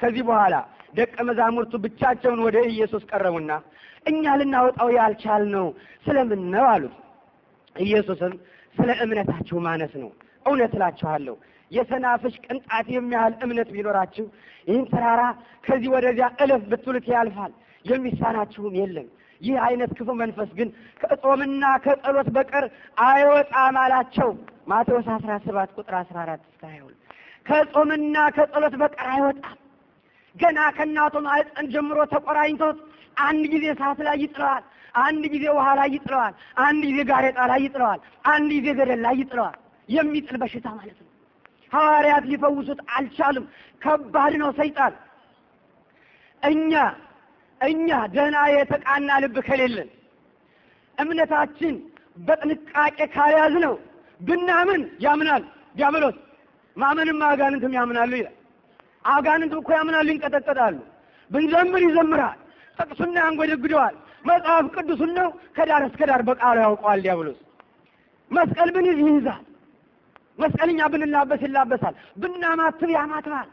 ከዚህ በኋላ ደቀ መዛሙርቱ ብቻቸውን ወደ ኢየሱስ ቀረቡና እኛ ልናወጣው ያልቻልነው ስለምን ነው አሉት። ኢየሱስም ስለ እምነታችሁ ማነስ ነው፣ እውነት እላችኋለሁ የሰናፍጭ ቅንጣት የሚያህል እምነት ቢኖራችሁ ይህን ተራራ ከዚህ ወደዚያ እለፍ ብትሉት ያልፋል፣ የሚሳናችሁም የለም። ይህ አይነት ክፉ መንፈስ ግን ከጾምና ከጸሎት በቀር አይወጣም አላቸው። ማቴዎስ አስራ ሰባት ቁጥር አስራ አራት እስከ ሀያ ከጾምና ከጸሎት በቀር አይወጣም። ገና ከእናቱ ማኅፀን ጀምሮ ተቆራኝቶት አንድ ጊዜ እሳት ላይ ይጥለዋል፣ አንድ ጊዜ ውሃ ላይ ይጥለዋል፣ አንድ ጊዜ ጋሬጣ ላይ ይጥለዋል፣ አንድ ጊዜ ገደል ላይ ይጥለዋል። የሚጥል በሽታ ማለት ነው። ሐዋርያት ሊፈውሱት አልቻሉም። ከባድ ነው ሰይጣን። እኛ እኛ ደህና የተቃና ልብ ከሌለን እምነታችን በጥንቃቄ ካልያዝ ነው ብናምን ያምናል ዲያብሎስ። ማመንም አጋንንትም ያምናሉ ይላል። አጋንንት እኮ ያምናሉ፣ ይንቀጠቀጣሉ። ብንዘምር ይዘምራል ጥቅሱን ያንጎደግደዋል። መጽሐፍ ቅዱሱን ነው ከዳር እስከ ዳር በቃሉ ያውቀዋል ዲያብሎስ። መስቀል ብንይዝ ይይዛል። መስቀልኛ ብንላበስ ይላበሳል። ብናማትብ ያማትባል።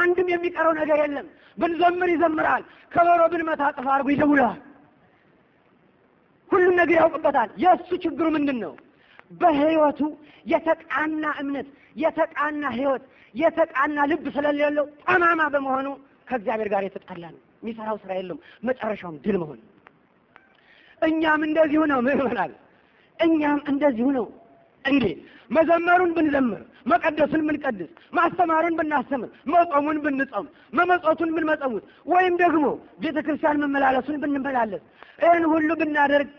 አንድም የሚቀረው ነገር የለም። ብንዘምር ይዘምራል። ከበሮ ብንመታ ጥፍ አድርጎ ይደውላል። ሁሉም ነገር ያውቅበታል። የእሱ ችግሩ ምንድን ነው? በህይወቱ የተቃና እምነት፣ የተቃና ህይወት፣ የተቃና ልብ ስለሌለው ጠማማ በመሆኑ ከእግዚአብሔር ጋር የተጣላ ነው። የሚሰራው ስራ የለም። መጨረሻውም ድል መሆን። እኛም እንደዚሁ ነው ይሆናል? እኛም እንደዚሁ ነው። እንዴ መዘመሩን ብንዘምር፣ መቀደሱን ብንቀድስ፣ ማስተማሩን ብናስተምር፣ መጾሙን ብንጾም፣ መመጾቱን ብንመጸውት፣ ወይም ደግሞ ቤተ ክርስቲያን መመላለሱን ብንመላለስ፣ ይህን ሁሉ ብናደርግ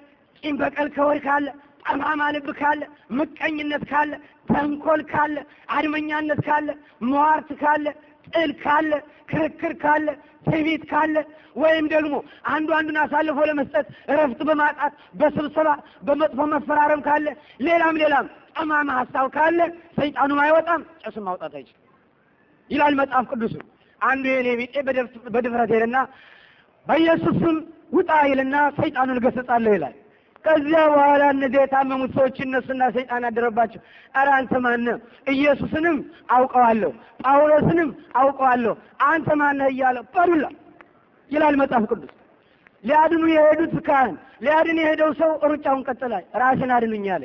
ቂም በቀል ከወር ካለ ጠማማ ልብ ካለ ምቀኝነት ካለ ተንኮል ካለ አድመኛነት ካለ መዋርት ካለ ጥል ካለ፣ ክርክር ካለ፣ ትዕቢት ካለ ወይም ደግሞ አንዱ አንዱን አሳልፎ ለመስጠት እረፍት በማጣት በስብሰባ በመጥፎ መፈራረም ካለ፣ ሌላም ሌላም ጠማማ ሀሳብ ካለ ሰይጣኑም አይወጣም፣ ጭሱም ማውጣት አይችልም ይላል መጽሐፍ ቅዱስ። አንዱ የኔ ቢጤ በድፍረት ሄድና በኢየሱስ ውጣ ይልና ሰይጣኑን እገሰጻለሁ ይላል። ከዚያ በኋላ እነዚያ የታመሙት ሰዎች እነሱና ሰይጣን አደረባቸው። ኧረ አንተ ማነ ኢየሱስንም አውቀዋለሁ ጳውሎስንም አውቀዋለሁ አንተ ማነ እያለ በሉላ ይላል መጽሐፍ ቅዱስ። ሊያድኑ የሄዱት ካህን ሊያድን የሄደው ሰው ሩጫውን ቀጥላል። ራስን አድኑኝ አለ።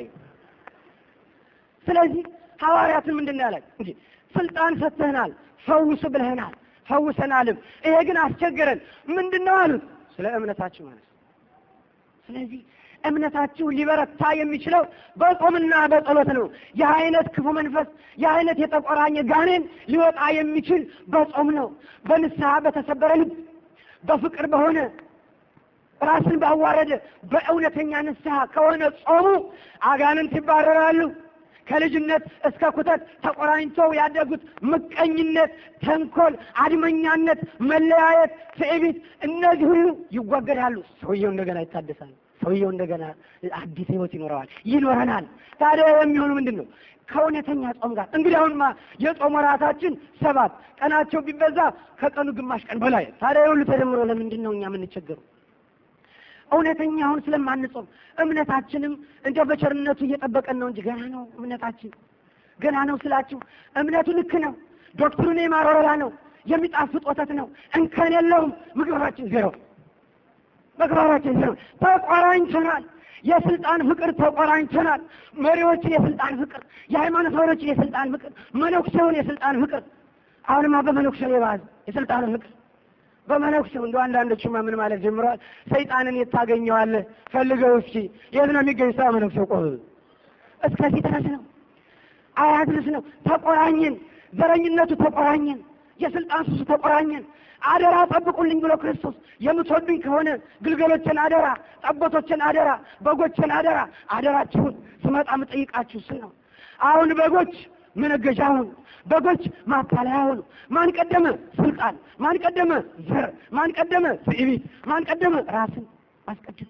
ስለዚህ ሐዋርያትን ምንድን ነው ያላቸው? እንጂ ስልጣን ሰጥተህናል፣ ፈውስ ብለህናል፣ ፈውሰናልም። ይሄ ግን አስቸገረን። ምንድን ነው አሉት? ስለ እምነታችሁ ማለት ስለዚህ እምነታችሁ ሊበረታ የሚችለው በጾምና በጸሎት ነው። ይህ አይነት ክፉ መንፈስ፣ ይህ አይነት የተቆራኘ ጋኔን ሊወጣ የሚችል በጾም ነው። በንስሐ በተሰበረ ልብ፣ በፍቅር በሆነ ራስን ባዋረደ በእውነተኛ ንስሐ ከሆነ ጾሙ አጋንንት ይባረራሉ። ከልጅነት እስከ ኩተት ተቆራኝተው ያደጉት ምቀኝነት፣ ተንኮል፣ አድመኛነት፣ መለያየት፣ ትዕቢት እነዚህ ሁሉ ይወገዳሉ። ሰውየው እንደገና ይታደሳል። ሰውየው እንደገና አዲስ ህይወት ይኖረዋል ይኖረናል። ታዲያ የሚሆኑ ምንድን ነው? ከእውነተኛ ጾም ጋር እንግዲህ አሁንማ የጾም ወራታችን ሰባት ቀናቸው ቢበዛ ከቀኑ ግማሽ ቀን በላይ ታዲያ የሁሉ ተደምሮ ለምንድን ነው እኛ የምንቸገሩ? እውነተኛ አሁን ስለማንጾም እምነታችንም እንደ በቸርነቱ እየጠበቀን ነው እንጂ ገና ነው እምነታችን። ገና ነው ስላችሁ እምነቱ ልክ ነው። ዶክትሩን የማሮረላ ነው። የሚጣፍጥ ወተት ነው። እንከን የለውም። ምግባችን ዜሮ መግባባችን ሰው ተቆራኝተናል። የስልጣን ፍቅር ተቆራኝተናል። መሪዎችን የስልጣን ፍቅር፣ የሃይማኖት መሪዎችን የስልጣን ፍቅር፣ መነኩሴውን የስልጣን ፍቅር። አሁንማ በመነኩሴው የባዝ የስልጣን ፍቅር በመነኩሴው እንደ አንዳንዶችማ ምን ማለት ጀምረዋል። ሰይጣንን የታገኘዋለህ ፈልገው እስኪ የት ነው የሚገኝ? ስራ መነኩሴው ቆ እስከዚህ ድረስ ነው። አያ ነው። ተቆራኝን፣ ዘረኝነቱ ተቆራኝን፣ የስልጣን ሱሱ ተቆራኝን። አደራ ጠብቁልኝ ብሎ ክርስቶስ የምትወዱኝ ከሆነ ግልገሎችን አደራ፣ ጠቦቶችን አደራ፣ በጎችን አደራ። አደራችሁን ስመጣ ምጠይቃችሁ ስል ነው። አሁን በጎች መነገጃ ሁኑ። በጎች ማታለያ ሁኑ። ማን ቀደመ ስልጣን? ማን ቀደመ ዘር? ማን ቀደመ ትዕቢት? ማን ቀደመ ራስን አስቀድም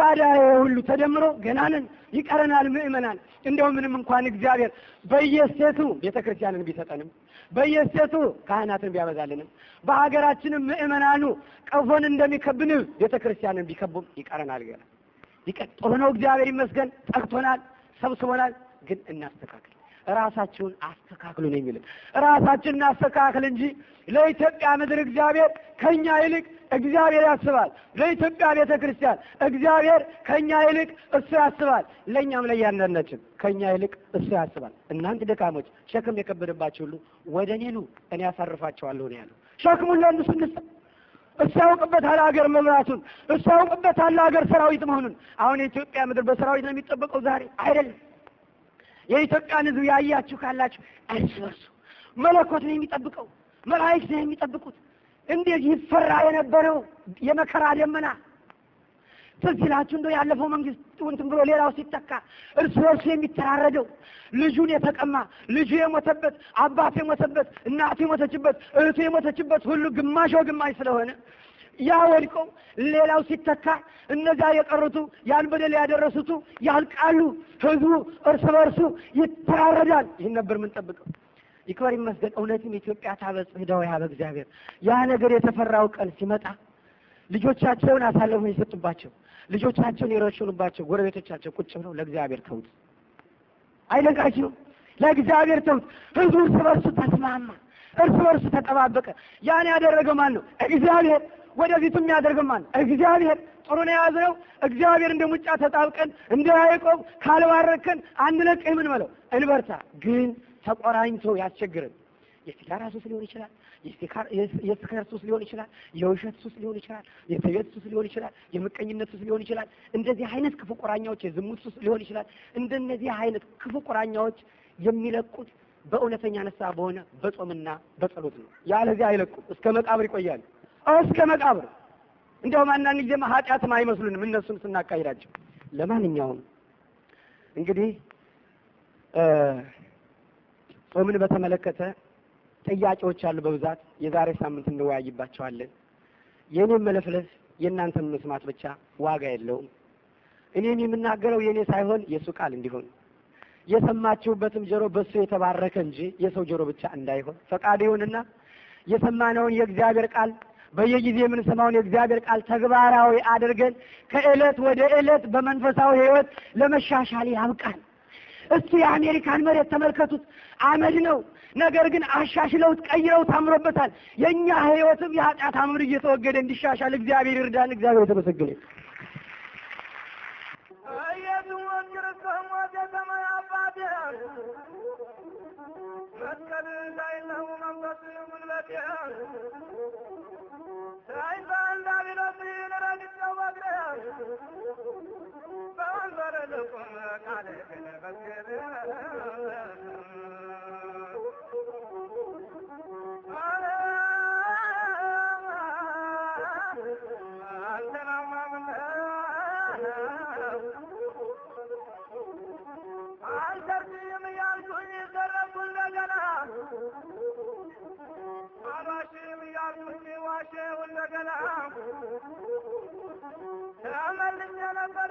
ታዲያ ሁሉ ተደምሮ ገናንን ይቀረናል ምእመናን። እንደው ምንም እንኳን እግዚአብሔር በየሴቱ ቤተ ክርስቲያንን ቢሰጠንም በየሴቱ ካህናትን ቢያበዛልንም በሀገራችንም ምእመናኑ ቀፎን እንደሚከብን ቤተ ክርስቲያንን ቢከቡም ይቀረናል። ገና ጥሩ ነው። እግዚአብሔር ይመስገን ጠቅቶናል፣ ሰብስቦናል። ግን እናስተካክል። ራሳችሁን አስተካክሉ ነው የሚልም ራሳችንን እናስተካክል እንጂ ለኢትዮጵያ ምድር እግዚአብሔር ከኛ ይልቅ እግዚአብሔር ያስባል። ለኢትዮጵያ ቤተ ክርስቲያን እግዚአብሔር ከእኛ ይልቅ እሱ ያስባል። ለእኛም ለእያንዳንዳችን ከእኛ ይልቅ እሱ ያስባል። እናንተ ደካሞች፣ ሸክም የከበደባችሁ ሁሉ ወደ እኔ ኑ፣ እኔ ያሳርፋቸዋለሁ ነው ያለው። ሸክሙን ለእነሱ ስንስ እሱ ያውቅበታል ሀገር መምራቱን፣ እሱ ያውቅበታል ሀገር ሰራዊት መሆኑን። አሁን የኢትዮጵያ ምድር በሰራዊት ነው የሚጠበቀው? ዛሬ አይደለም። የኢትዮጵያን ሕዝብ ያያችሁ ካላችሁ እርስ በርሱ መለኮት ነው የሚጠብቀው፣ መላእክት ነው የሚጠብቁት። እንዴት ይፈራ የነበረው የመከራ ደመና ትዝ እንደው ያለፈው መንግስት እንትን ብሎ ሌላው ሲተካ እርስ በርሱ የሚተራረደው ልጁን የተቀማ ልጁ የሞተበት አባት የሞተበት እናቱ የሞተችበት እህቱ የሞተችበት ሁሉ ግማሽ ወግማሽ ስለሆነ ያ ወድቀው ሌላው ሲተካ እነዚያ የቀሩቱ ያን በደል ያደረሱቱ ያልቃሉ። ህዝቡ እርስ በርሱ ይተራረዳል። ይህን ነበር የምንጠብቀው። ይክበር ይመስገን። እውነትም ኢትዮጵያ ታበጽሕ እደዊሃ በእግዚአብሔር። ያ ነገር የተፈራው ቀን ሲመጣ ልጆቻቸውን አሳልፈው የሰጡባቸው ልጆቻቸውን የረሸኑባቸው ጎረቤቶቻቸው ቁጭ ብለው ለእግዚአብሔር ተውት። አይደንቃችሁም? ለእግዚአብሔር ተውት። ህዝቡ እርስ በርሱ ተስማማ፣ እርስ በርሱ ተጠባበቀ። ያን ያደረገው ማን ነው? እግዚአብሔር። ወደፊቱ የሚያደርገው ማን ነው? እግዚአብሔር። ነው የያዝነው እግዚአብሔር እንደ ሙጫ ተጣብቀን እንደ ያዕቆብ ካልባረከን አንድ ለቅ ምን በለው እንበርታ ግን ተቆራኝቶ ያስቸግርን። የሲጋራ ሱስ ሊሆን ይችላል። የስካር ሱስ ሊሆን ይችላል። የውሸት ሱስ ሊሆን ይችላል። የቤት ሱስ ሊሆን ይችላል። የምቀኝነት ሱስ ሊሆን ይችላል። እንደዚህ አይነት ክፉ ቁራኛዎች፣ የዝሙት ሱስ ሊሆን ይችላል። እንደነዚህ አይነት ክፉ ቁራኛዎች የሚለቁት በእውነተኛ ነሳ በሆነ በጾምና በጸሎት ነው። ያለዚህ አይለቁም፣ እስከ መቃብር ይቆያሉ። እስከ መቃብር እንደውም አንዳንድ ጊዜ ኃጢአትም አይመስሉንም እነሱን ስናካሂዳቸው። ለማንኛውም እንግዲህ ጾምን በተመለከተ ጥያቄዎች አሉ በብዛት የዛሬ ሳምንት እንወያይባቸዋለን። የእኔም መለፍለፍ የእናንተም መስማት ብቻ ዋጋ የለውም። እኔም የምናገረው የእኔ ሳይሆን የእሱ ቃል እንዲሆን የሰማችሁበትም ጆሮ በእሱ የተባረከ እንጂ የሰው ጆሮ ብቻ እንዳይሆን ፈቃድ ይሁንና የሰማነውን የእግዚአብሔር ቃል በየጊዜ የምንሰማውን የእግዚአብሔር ቃል ተግባራዊ አድርገን ከእለት ወደ እለት በመንፈሳዊ ህይወት ለመሻሻል ያብቃል። እሱ የአሜሪካን መሬት ተመልከቱት፣ አመድ ነው። ነገር ግን አሻሽለውት ቀይረውት አምሮበታል። የእኛ ህይወትም የኃጢአት አምር እየተወገደ እንዲሻሻል እግዚአብሔር ይርዳን። እግዚአብሔር የተመሰገነ ተመልኜ ነበር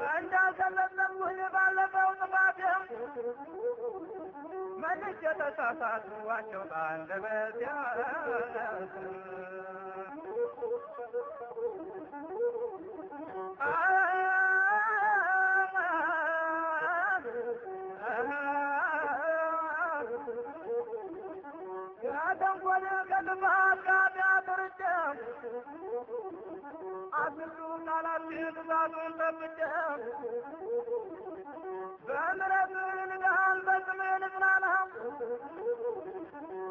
እንዳልተለመንሁኝ ባለፈው ጥፋትም መልሼ ተሳሳትኋቸው አ ቅጣቱን ጠብቀህ በምሕረትህ ንዳን በስምህ ልጽናና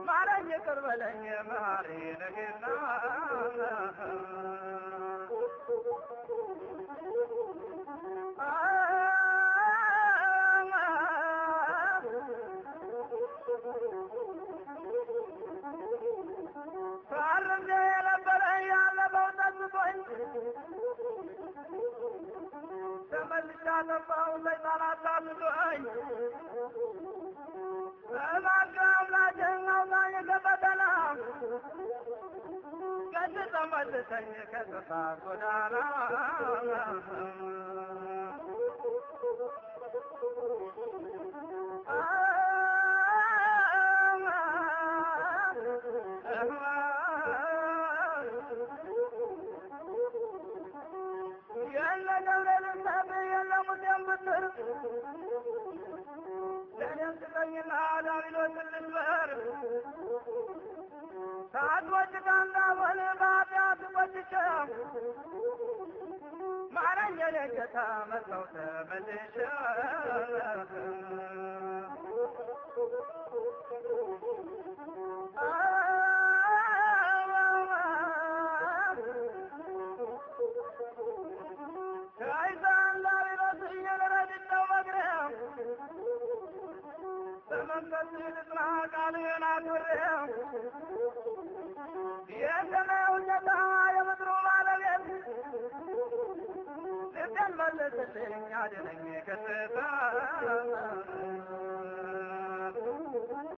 ማረኝ ይቅር ማሪ ነጌና እንዳጠፋው ሰይጣን አታምቶኝ እባክህ አምላኬን አውጣኝ ከፈተና ቀድሰ መልሰኝ ከጥፋት ጎዳና وتر ለእኔም አላ ሌሎችን ልንበር ከአድዎች ጋር እንዳልሆን በኃጢአት ቆጭቼ ማረኝ የኔ ጌታ መጥተው ተመልሼ Oh ልጽና ቃልህን አክብሬው የሰማዩ ጌታ የምድሩ ባለቤት ልቤን መልስልኝ አድነኝ ከስህተት